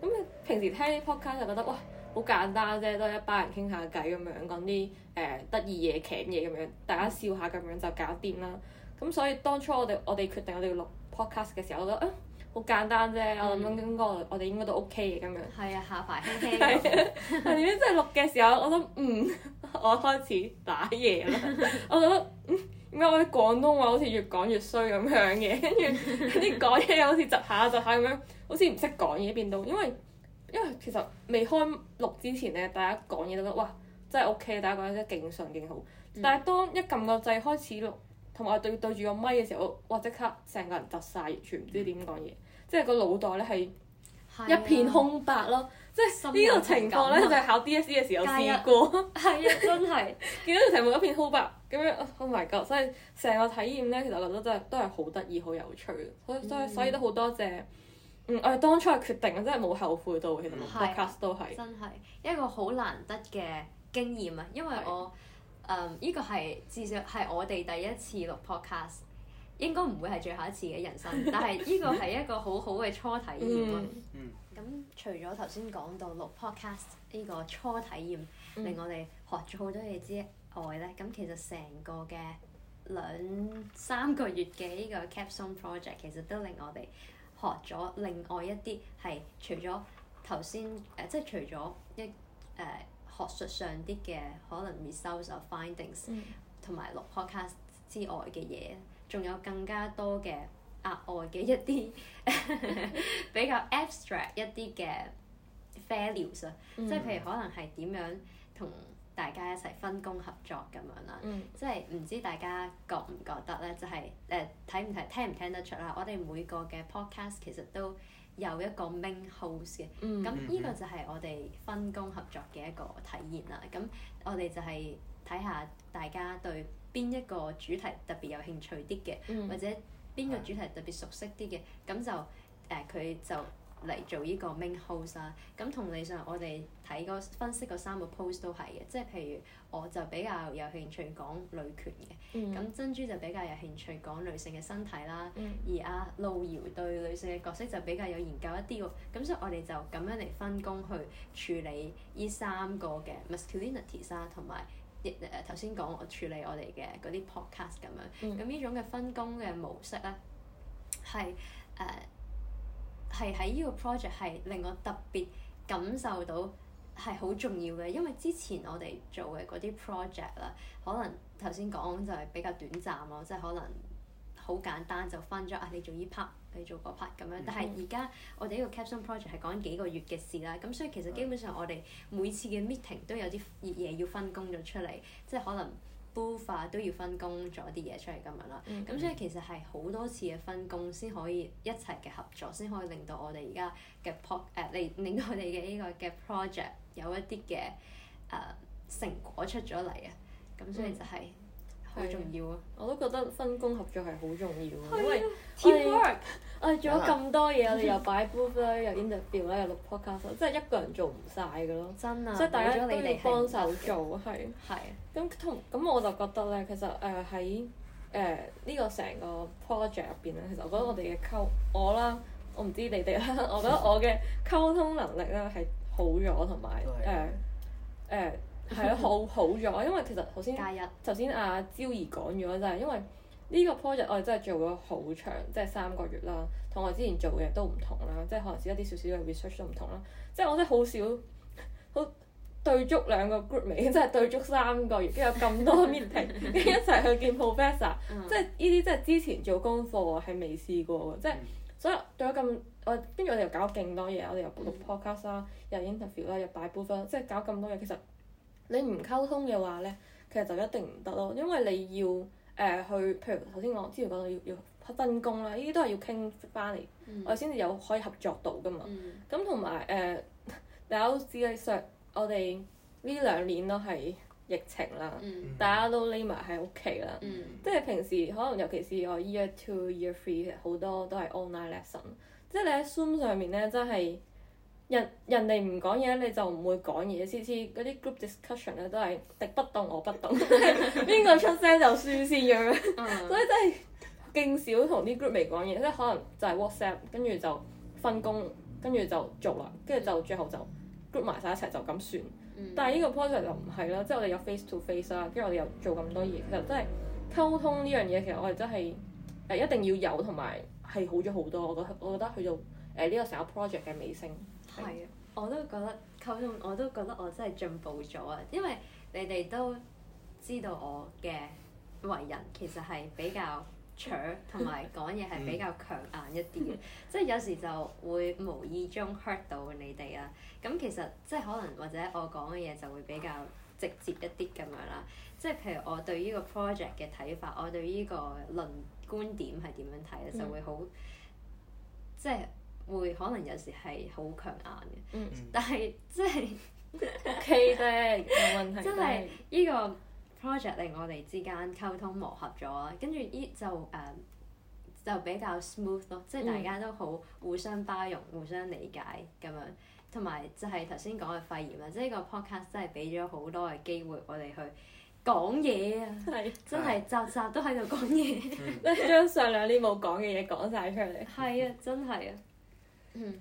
咁你平時聽 podcast 就覺得哇，好簡單啫，都係一班人傾下偈咁樣，講啲誒得意嘢、騎嘢咁樣，大家笑下咁樣就搞掂啦。咁、嗯、所以當初我哋我哋決定我哋要錄 podcast 嘅時候，我覺得啊～好簡單啫，我諗應該我哋應該都 OK 嘅咁樣。係啊，下排輕輕。係點知真係錄嘅時候，我都嗯，我開始打嘢啦。我覺得嗯，點解我啲廣東話好似越講越衰咁樣嘅？跟住啲講嘢又好似窒下窒下咁樣，好似唔識講嘢變到，因為因為其實未開錄之前咧，大家講嘢都覺得哇真係 OK，大家講得真係勁順勁好。但係當一撳個掣開始錄，同埋對對住個咪嘅時候，哇！即刻成個人窒晒，完全唔知點講嘢，嗯、即係個腦袋咧係一片空白咯。啊、即係呢個情況咧，就係考 DSE 嘅時候試過。係意 [laughs] 啊，真係 [laughs] 見到個題目一片空白，咁樣 oh my god！所以成個體驗咧，其實我覺得真係都係好得意、好有趣。有趣所以、嗯、所以都好多謝。嗯，我哋當初係決定，真係冇後悔到。啊、其實 broadcast 都係真係一個好難得嘅經驗啊，因為我。誒，依、um, 個係至少係我哋第一次錄 podcast，應該唔會係最後一次嘅人生。 [laughs] 但係呢個係一個好好嘅初體驗。 [laughs] 嗯。咁除咗頭先講到錄 podcast 呢個初體驗令我哋學咗好多嘢之外咧，咁、嗯、其實成個嘅兩三個月嘅呢個 capstone project 其實都令我哋學咗另外一啲係除咗頭先誒，即係除咗一誒。呃學術上啲嘅可能 results or findings，同埋錄 podcast 之外嘅嘢，仲有更加多嘅額外嘅一啲 [laughs] [laughs] 比較 abstract 一啲嘅 values 啊、嗯， 即係譬如可能係點樣同大家一齊分工合作咁樣啦，嗯、即係唔知大家覺唔覺得咧，就係誒睇唔睇聽唔聽得出啦。我哋每個嘅 podcast 其實都有一個 main host 嘅，咁呢、嗯、個就係我哋分工合作嘅一個體驗啦。咁我哋就係睇下大家對邊一個主題特別有興趣啲嘅，嗯、或者邊個主題特別熟悉啲嘅，咁就誒佢就。呃嚟做呢個 main house 啦。咁同理上我哋睇個分析個三個 post 都係嘅，即係譬如我就比較有興趣講女權嘅，咁、嗯、珍珠就比較有興趣講女性嘅身體啦，嗯、而阿路遙對女性嘅角色就比較有研究一啲喎，咁所以我哋就咁樣嚟分工去處理呢三個嘅 masculinity 啦，同埋亦頭先講我處理我哋嘅嗰啲 podcast 咁樣，咁呢、嗯、種嘅分工嘅模式咧係誒。係喺呢個 project 係令我特別感受到係好重要嘅，因為之前我哋做嘅嗰啲 project 啦，可能頭先講就係比較短暫咯，即係可能好簡單就分咗啊，你做呢 part，你做嗰 part 咁樣。但係而家我哋呢個 caption project 係講緊幾個月嘅事啦，咁所以其實基本上我哋每次嘅 meeting 都有啲嘢要分工咗出嚟，即係可能。都要分工咗啲嘢出嚟咁樣啦，咁、嗯、所以其實係好多次嘅分工先可以一齊嘅合作，先可以令到我哋而家嘅 pro 誒、呃、令令到我哋嘅呢個嘅 project 有一啲嘅誒成果出咗嚟啊！咁所以就係、是。嗯好重要啊！我都覺得分工合作係好重要嘅，因為 teamwork 啊，做咗咁多嘢，你又擺 booth 又 interview 又錄 podcast，即係一個人做唔晒嘅咯。真啊！即係大家都嚟幫手做，係。係。咁同咁我就覺得咧，其實誒喺誒呢個成個 project 入邊咧，其實我覺得我哋嘅溝我啦，我唔知你哋啦，我覺得我嘅溝通能力咧係好咗同埋誒誒。係啊， [laughs] [laughs] 好好咗，因為其實頭先頭先阿朝儀講咗就係、是、因為呢個 project 我哋真係做咗好長，即、就、係、是、三個月啦。同我之前做嘅都唔同啦，即、就、係、是、可能少一啲少少嘅 research 都唔同啦。即、就、係、是、我真係好少好對足兩個 group 嚟，即係對足三個月，跟住有咁多 meeting，跟住 [laughs] [laughs] 一齊去見 professor，即係呢啲即係之前做功課係未試過嘅。即、就、係、是、所以對咗咁我邊日跟住我哋又搞勁多嘢，嗯、我哋又讀 podcast 啦，又 interview 啦，又擺 buffer，即係搞咁多嘢，其實。你唔溝通嘅話咧，其實就一定唔得咯，因為你要誒、呃、去，譬如頭先我之前講到要要分工啦，呢啲都係要傾翻嚟，嗯、我先至有可以合作到噶嘛。咁同埋誒，大家都知啦，上我哋呢兩年都係疫情啦，嗯、大家都匿埋喺屋企啦，嗯、即係平時可能尤其是我 year two year three 好多都係 online lesson，即係你喺 Zoom 上面咧真係。人人哋唔講嘢，你就唔會講嘢。次次嗰啲 group discussion 咧都係敵不動我不動，邊個 [laughs] [laughs] 出聲就輸先咁樣。Uh huh. [laughs] 所以真係勁少同啲 group 未講嘢，即係可能就係 WhatsApp 跟住就分工，跟住就做啦，跟住就最後就 group 埋晒一齊就咁算。Mm hmm. 但係呢個 project 就唔係啦，即係我哋有 face to face 啦、啊，跟住我哋又做咁多嘢。其實真係溝通呢樣嘢，其實我哋真係誒一定要有同埋係好咗好多。我覺得我覺得去到誒呢個成個 project 嘅尾聲。係啊，我都覺得溝通，我都覺得我真係進步咗啊！因為你哋都知道我嘅為人其實係比較鋤，同埋講嘢係比較強硬一啲嘅， [laughs] 即係有時就會無意中 hurt 到你哋啊。咁其實即係可能或者我講嘅嘢就會比較直接一啲咁樣啦。即係譬如我對呢個 project 嘅睇法，我對呢個論觀點係點樣睇咧， [laughs] 就會好即係。會可能有時係好強硬嘅，嗯、但係即係 OK 嘅，真係呢 [laughs] [laughs] 個 project 令我哋之間溝通磨合咗啊！跟住依就誒、呃、就比較 smooth 咯，即係大家都好互相包容、互相理解咁樣，同埋就係頭先講嘅肺炎啊！即係依個 podcast 真係俾咗好多嘅機會我哋去講嘢啊！的真係集集都喺度講嘢，將的 [laughs] [laughs] 上兩年冇講嘅嘢講晒出嚟，係 [laughs] 啊！ [laughs] [laughs] 真係啊！嗯，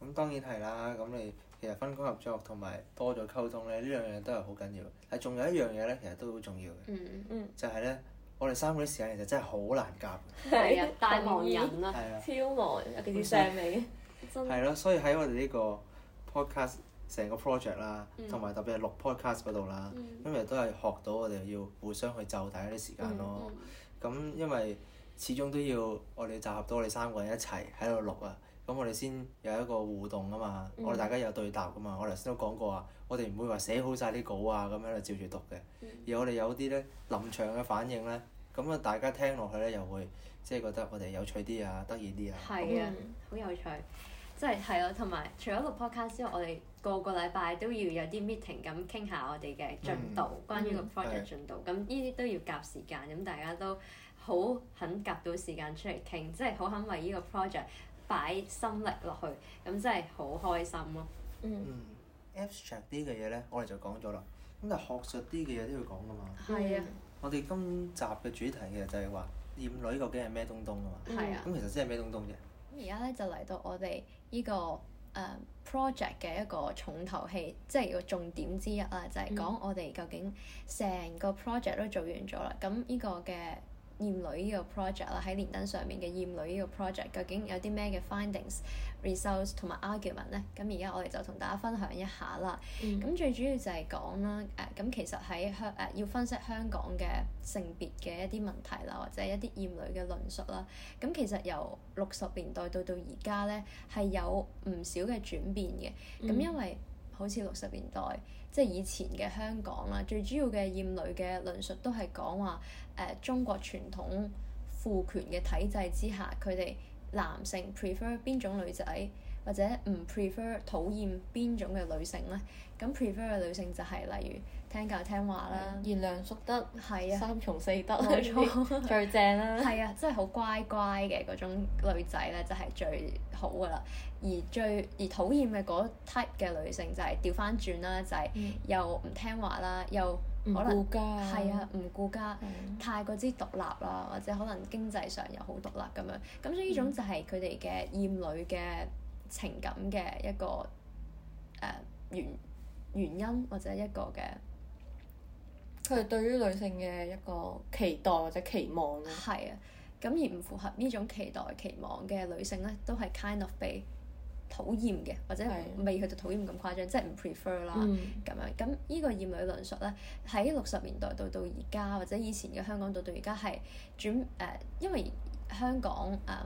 咁當然係啦。咁你其實分工合作同埋多咗溝通咧，呢兩樣都係好緊要。但仲有一樣嘢咧，其實都好重要嘅，就係咧，我哋三個啲時間其實真係好難夾嘅。係啊，大忙人啊，超忙，幾時 send 係咯，所以喺我哋呢個 podcast 成個 project 啦，同埋特別係錄 podcast 嗰度啦，今日都係學到我哋要互相去就大家啲時間咯。咁因為始終都要我哋集合到我哋三個人一齊喺度錄啊。咁我哋先有一個互動啊嘛，嗯、我哋大家有對答噶嘛。我頭先都講過啊，我哋唔會話寫好晒啲稿啊，咁樣嚟照住讀嘅。嗯、而我哋有啲咧臨場嘅反應咧，咁啊大家聽落去咧又會即係、就是、覺得我哋有趣啲啊，得意啲啊。係啊，好有趣，即係係啊，同埋除咗錄 podcast 之外，我哋個個禮拜都要有啲 meeting 咁傾下我哋嘅進度，嗯、關於個 project 進度。咁呢啲都要夾時間，咁大家都好肯夾到時間出嚟傾，即係好肯為呢個 project。擺心力落去，咁真係好開心咯、啊。嗯，abstract 啲嘅嘢咧，我哋就講咗啦。咁但係學術啲嘅嘢都要講噶嘛。係啊。我哋今集嘅主題其實就係話，厭女究竟係咩東東啊嘛。係啊。咁其實先係咩東東啫。而家咧就嚟到我哋呢、這個誒、uh, project 嘅一個重頭戲，即、就、係、是、個重點之一啦，就係、是、講我哋究竟成個 project 都做完咗啦。咁呢個嘅。厭女呢個 project 啦，喺連登上面嘅厭女呢個 project，究竟有啲咩嘅 findings results、results 同埋 argument 咧？咁而家我哋就同大家分享一下啦。咁、嗯、最主要就係講啦，誒、呃、咁其實喺香誒要分析香港嘅性別嘅一啲問題啦，或者一啲厭女嘅論述啦。咁、呃、其實由六十年代到到而家咧，係有唔少嘅轉變嘅。咁、嗯、因為好似六十年代，即係以前嘅香港啦，最主要嘅厭女嘅論述都係講話，誒中國傳統父權嘅體制之下，佢哋男性 prefer 邊種女仔？或者唔 prefer 討厭邊種嘅女性呢？咁 prefer 嘅女性就係例如聽教聽話啦，賢良、嗯、淑德係啊，三從四德，冇錯，最正啦、啊，係啊，真係好乖乖嘅嗰種女仔咧，就係最好㗎喇。而最而討厭嘅嗰 type 嘅女性就係掉返轉啦，就係又唔聽話啦，又唔顧家係啊，唔顧家，太過之獨立啦，或者可能經濟上又好獨立咁樣，咁所以呢種就係佢哋嘅厭女嘅，嗯嗯情感嘅一個誒、呃、原原因，或者一個嘅佢哋對於女性嘅一個期待或者期望咧，係啊、嗯，咁而唔符合呢種期待期望嘅女性咧，都係 kind of 被討厭嘅，或者未的去到討厭咁誇張，即係唔 prefer 啦咁、嗯、樣。咁呢個厭女論述咧，喺六十年代到到而家，或者以前嘅香港到到而家係轉誒、呃，因為香港誒。呃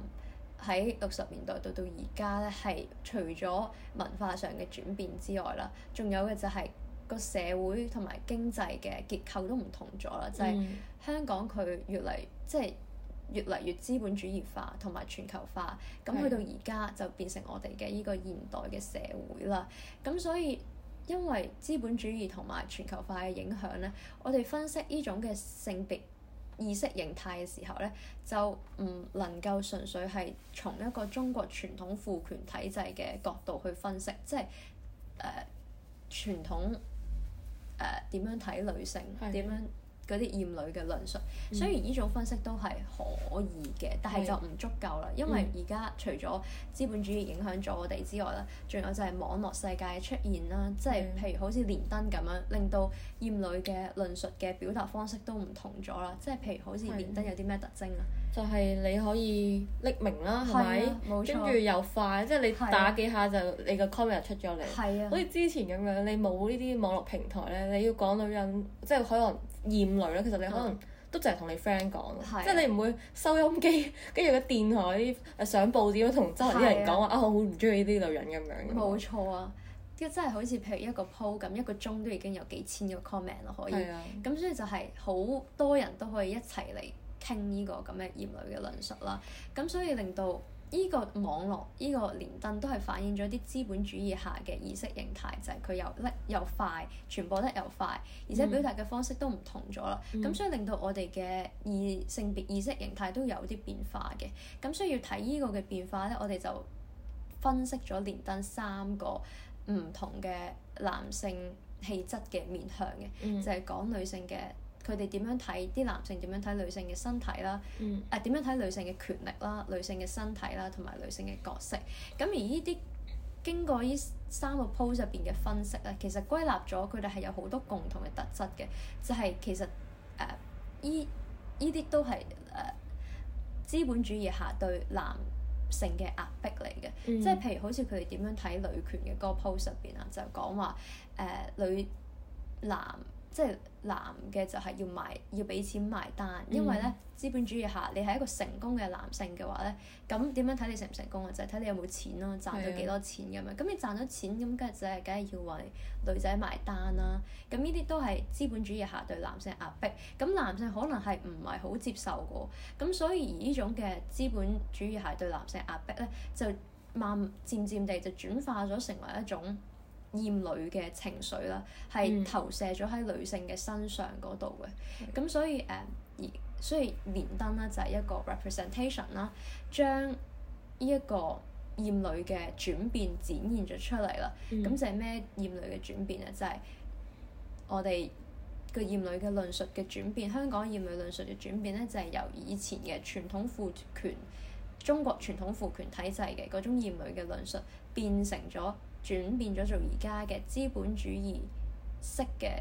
喺六十年代到到而家咧，係除咗文化上嘅轉變之外啦，仲有嘅就係個社會同埋經濟嘅結構都唔同咗啦、嗯。就係香港佢越嚟即係越嚟越資本主義化同埋全球化。咁去到而家就變成我哋嘅呢個現代嘅社會啦。咁所以因為資本主義同埋全球化嘅影響咧，我哋分析呢種嘅性別。意識形態嘅時候咧，就唔能夠純粹係從一個中國傳統父權體制嘅角度去分析，即係誒傳統誒呃、點樣睇女性點樣嗰啲厭女嘅論述，雖然呢種分析都係可以嘅，但係就唔足夠啦，因為而家除咗資本主義影響咗我哋之外啦，仲有就係網絡世界嘅出現啦，即係譬如好似連登咁樣，令到厭女嘅論述嘅表達方式都唔同咗啦，即係譬如好似連登有啲咩特徵啊？就係你可以匿名啦，係咪吧？跟住錯又快，啊、即係你打幾下、啊、就你個 comment 出咗嚟。係啊。好似之前咁樣，你冇呢啲網絡平台咧，你要講女人，即係可能厭女咧。其實你可能都淨係同你 friend 講，啊、即係你唔會收音機，跟住個電台啲上報紙，都同周圍啲人講話啊，啊，我好唔中意呢啲女人咁樣。冇、啊、錯啊！即係真係好似譬如一個 po 咁，一個鐘都已經有幾千個 comment 咯，可以。啊。咁、啊、所以就係好多人都可以一齊嚟。傾呢個咁嘅業類嘅論述啦，咁所以令到呢個網絡呢、呢個連登都係反映咗啲資本主義下嘅意識形態，就係佢又叻又快，傳播得又快，而且表達嘅方式都唔同咗啦。咁、嗯、所以令到我哋嘅異性別意識形態都有啲變化嘅。咁所以要睇呢個嘅變化咧，我哋就分析咗連登三個唔同嘅男性氣質嘅面向嘅，嗯、就係講女性嘅。佢哋點樣睇啲男性，點樣睇女性嘅身體啦？誒點、嗯啊、樣睇女性嘅權力啦、女性嘅身體啦、同埋女性嘅角色。咁而呢啲經過呢三個 post 入邊嘅分析咧，其實歸納咗佢哋係有好多共同嘅特質嘅，就係、是、其實誒、呃、依呢啲都係誒、呃、資本主義下對男性嘅壓迫嚟嘅。即係、嗯、譬如好似佢哋點樣睇女權嘅嗰個 post 入邊啊，就講話誒女男。即係男嘅就係要埋，要俾錢埋單，因為咧、嗯、資本主義下你係一個成功嘅男性嘅話咧，咁點樣睇你成唔成功啊？就係、是、睇你有冇錢咯，賺咗幾多錢咁樣。咁、嗯、你賺咗錢咁，梗係就係梗係要為女仔埋單啦。咁呢啲都係資本主義下對男性壓迫。咁男性可能係唔係好接受㗎，咁所以而呢種嘅資本主義下對男性壓迫咧，就慢漸漸地就轉化咗成為一種。厭女嘅情緒啦，係投射咗喺女性嘅身上嗰度嘅。咁、嗯、所以誒，而、呃、所以連登啦，就係一個 representation 啦，將呢一個厭女嘅轉變展現咗出嚟啦。咁、嗯、就係咩厭女嘅轉變咧？就係、是、我哋個厭女嘅論述嘅轉變。香港厭女論述嘅轉變咧，就係由以前嘅傳統父權中國傳統父權體制嘅嗰種厭女嘅論述，變成咗。轉變咗做而家嘅資本主義式嘅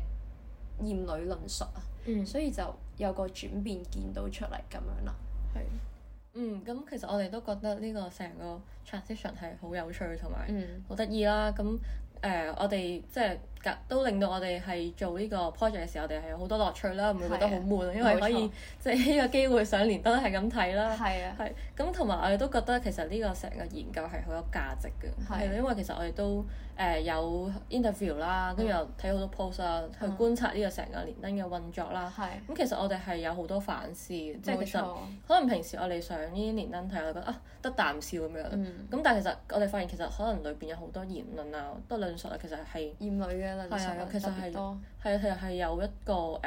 厭女論述啊，嗯、所以就有個轉變見到出嚟咁樣啦。係是。嗯，咁其實我哋都覺得呢個成個 transition 係好有趣同埋好得意啦。咁誒、嗯呃，我哋即係。都令到我哋係做呢個 project 嘅時候，我哋係有好多樂趣啦，唔會覺得好悶，因為可以即係呢個機會上連登係咁睇啦。係啊，係，咁同埋我哋都覺得其實呢個成個研究係好有價值嘅，係，因為其實我哋都誒有 interview 啦，跟住又睇好多 post 啊，去觀察呢個成個連登嘅運作啦。係咁，其實我哋係有好多反思，即係其實可能平時我哋上呢啲連登睇，我覺得啊得啖笑咁樣，咁但係其實我哋發現其實可能裏邊有好多言論啊、都論述啊，其實係厭女嘅。係啊，其實係係其實係有一個誒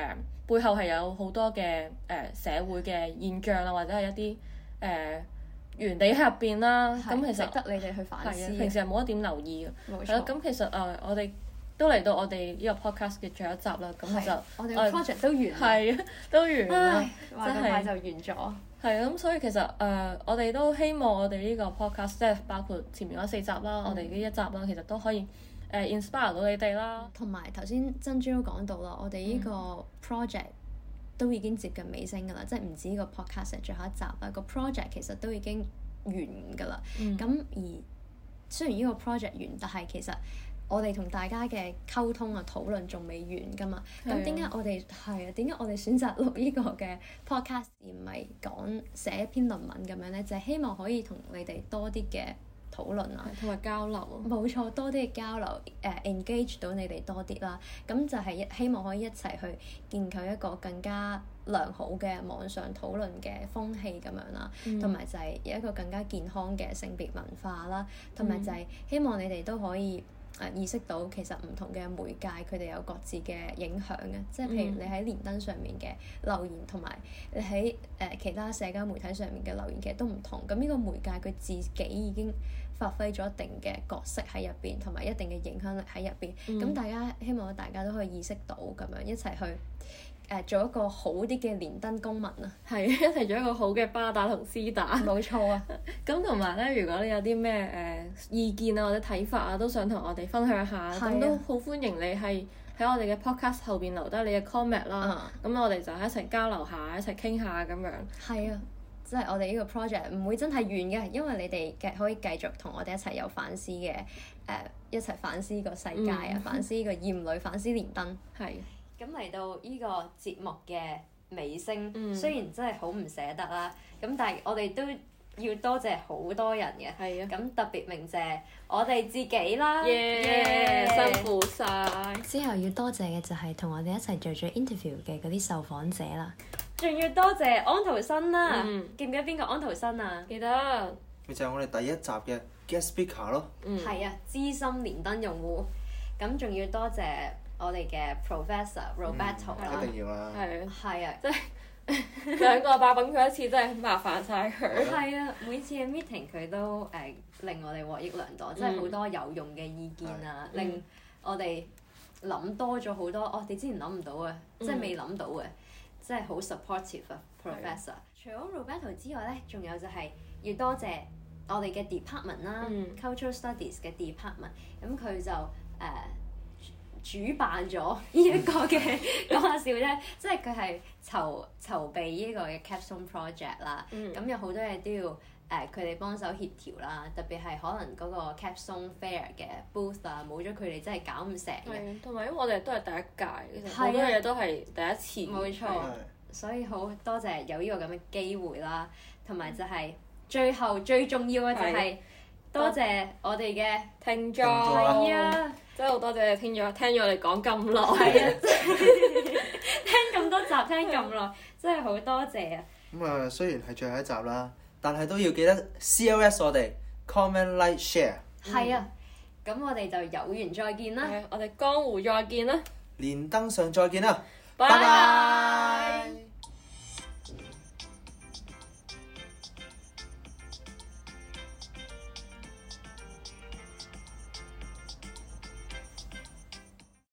背後係有好多嘅誒社會嘅現象啊，或者係一啲誒原地喺入邊啦。咁其實得你哋去反思。平時係冇一點留意嘅。冇錯。咁其實誒，我哋都嚟到我哋呢個 podcast 嘅最後一集啦。咁其就我哋 project 都完啦。係啊，都完啦。快就完咗。係啊，咁所以其實誒，我哋都希望我哋呢個 podcast，即係包括前面嗰四集啦，我哋呢一集啦，其實都可以。誒 inspire 到你哋啦，同埋頭先珍珠都講到啦，嗯、我哋呢個 project 都已經接近尾聲噶啦，嗯、即係唔止呢個 podcast 最後一集啦，個 project 其實都已經完噶啦。咁、嗯、而雖然呢個 project 完，但係其實我哋同大家嘅溝通啊、討論仲未完噶嘛。咁點解我哋係啊？點解我哋選擇錄呢個嘅 podcast 而唔係講寫一篇論文咁樣咧？就係、是、希望可以同你哋多啲嘅。討論啊，同埋交流。冇錯，多啲嘅交流，誒、uh, engage 到你哋多啲啦。咁就係希望可以一齊去建構一個更加良好嘅網上討論嘅風氣咁樣啦，同埋、嗯、就係一個更加健康嘅性別文化啦，同埋就係希望你哋都可以。誒意識到其實唔同嘅媒介佢哋有各自嘅影響嘅，即係譬如你喺連登上面嘅留言，同埋你喺誒、呃、其他社交媒體上面嘅留言，其實都唔同。咁呢個媒介佢自己已經發揮咗一定嘅角色喺入邊，同埋一定嘅影響力喺入邊。咁、嗯、大家希望大家都可以意識到，咁樣一齊去。誒做一個好啲嘅連登公民啊，係一齊做一個好嘅巴打同斯打，冇錯啊！咁同埋咧，如果你有啲咩誒意見啊或者睇法啊，都想同我哋分享下，咁都好歡迎你係喺我哋嘅 podcast 後邊留低你嘅 comment 啦。咁、嗯、我哋就一齊交流下，一齊傾下咁樣。係啊，即、就、係、是、我哋呢個 project 唔會真係完嘅，因為你哋嘅可以繼續同我哋一齊有反思嘅，誒、呃、一齊反思個世界啊，嗯、反思個厭女，反思連登。係。咁嚟到呢個節目嘅尾聲，嗯、雖然真係好唔捨得啦，咁但係我哋都要多謝好多人嘅。係啊，咁特別鳴謝我哋自己啦，yeah, Yeah. 辛苦晒。之後要多謝嘅就係同我哋一齊做咗 interview 嘅嗰啲受訪者啦。仲要多謝，謝安徒生啦，嗯、記唔記得邊個安徒生啊？記得。咪就係我哋第一集嘅 guest speaker 咯。嗯，係啊，資深連登用戶。咁仲要多謝，謝。我哋嘅 professor Roberto 一定要啦，係啊，即係兩個白揼佢一次，真係麻煩晒佢。係啊，每次嘅 meeting 佢都誒令我哋獲益良多，即係好多有用嘅意見啊，令我哋諗多咗好多，我哋之前諗唔到啊，即係未諗到嘅，真係好 supportive 啊，professor。除咗 Roberto 之外咧，仲有就係要多謝我哋嘅 department 啦，cultural studies 嘅 department，咁佢就誒，主辦咗呢一個嘅講下笑啫，即係佢係籌籌備呢個嘅 capstone project 啦，咁有好多嘢都要誒佢哋幫手協調啦，特別係可能嗰個 capstone fair 嘅 booth 啊，冇咗佢哋真係搞唔成嘅。同埋因為我哋都係第一屆，好多嘢都係第一次。冇錯，的所以好多謝有呢個咁嘅機會啦，同埋就係最後最重要嘅就係、是。多謝我哋嘅聽眾，係啊，真係好多謝你聽咗聽咗我哋講咁耐啊， [laughs] [laughs] 聽咁多集聽咁耐，真係好多謝啊！咁啊、嗯，雖然係最後一集啦，但係都要記得 C O S 我哋 [music] Comment Like Share 係、嗯、啊，咁我哋就有緣再見啦，啊、我哋江湖再見啦，連登上再見啦，拜拜。 [laughs]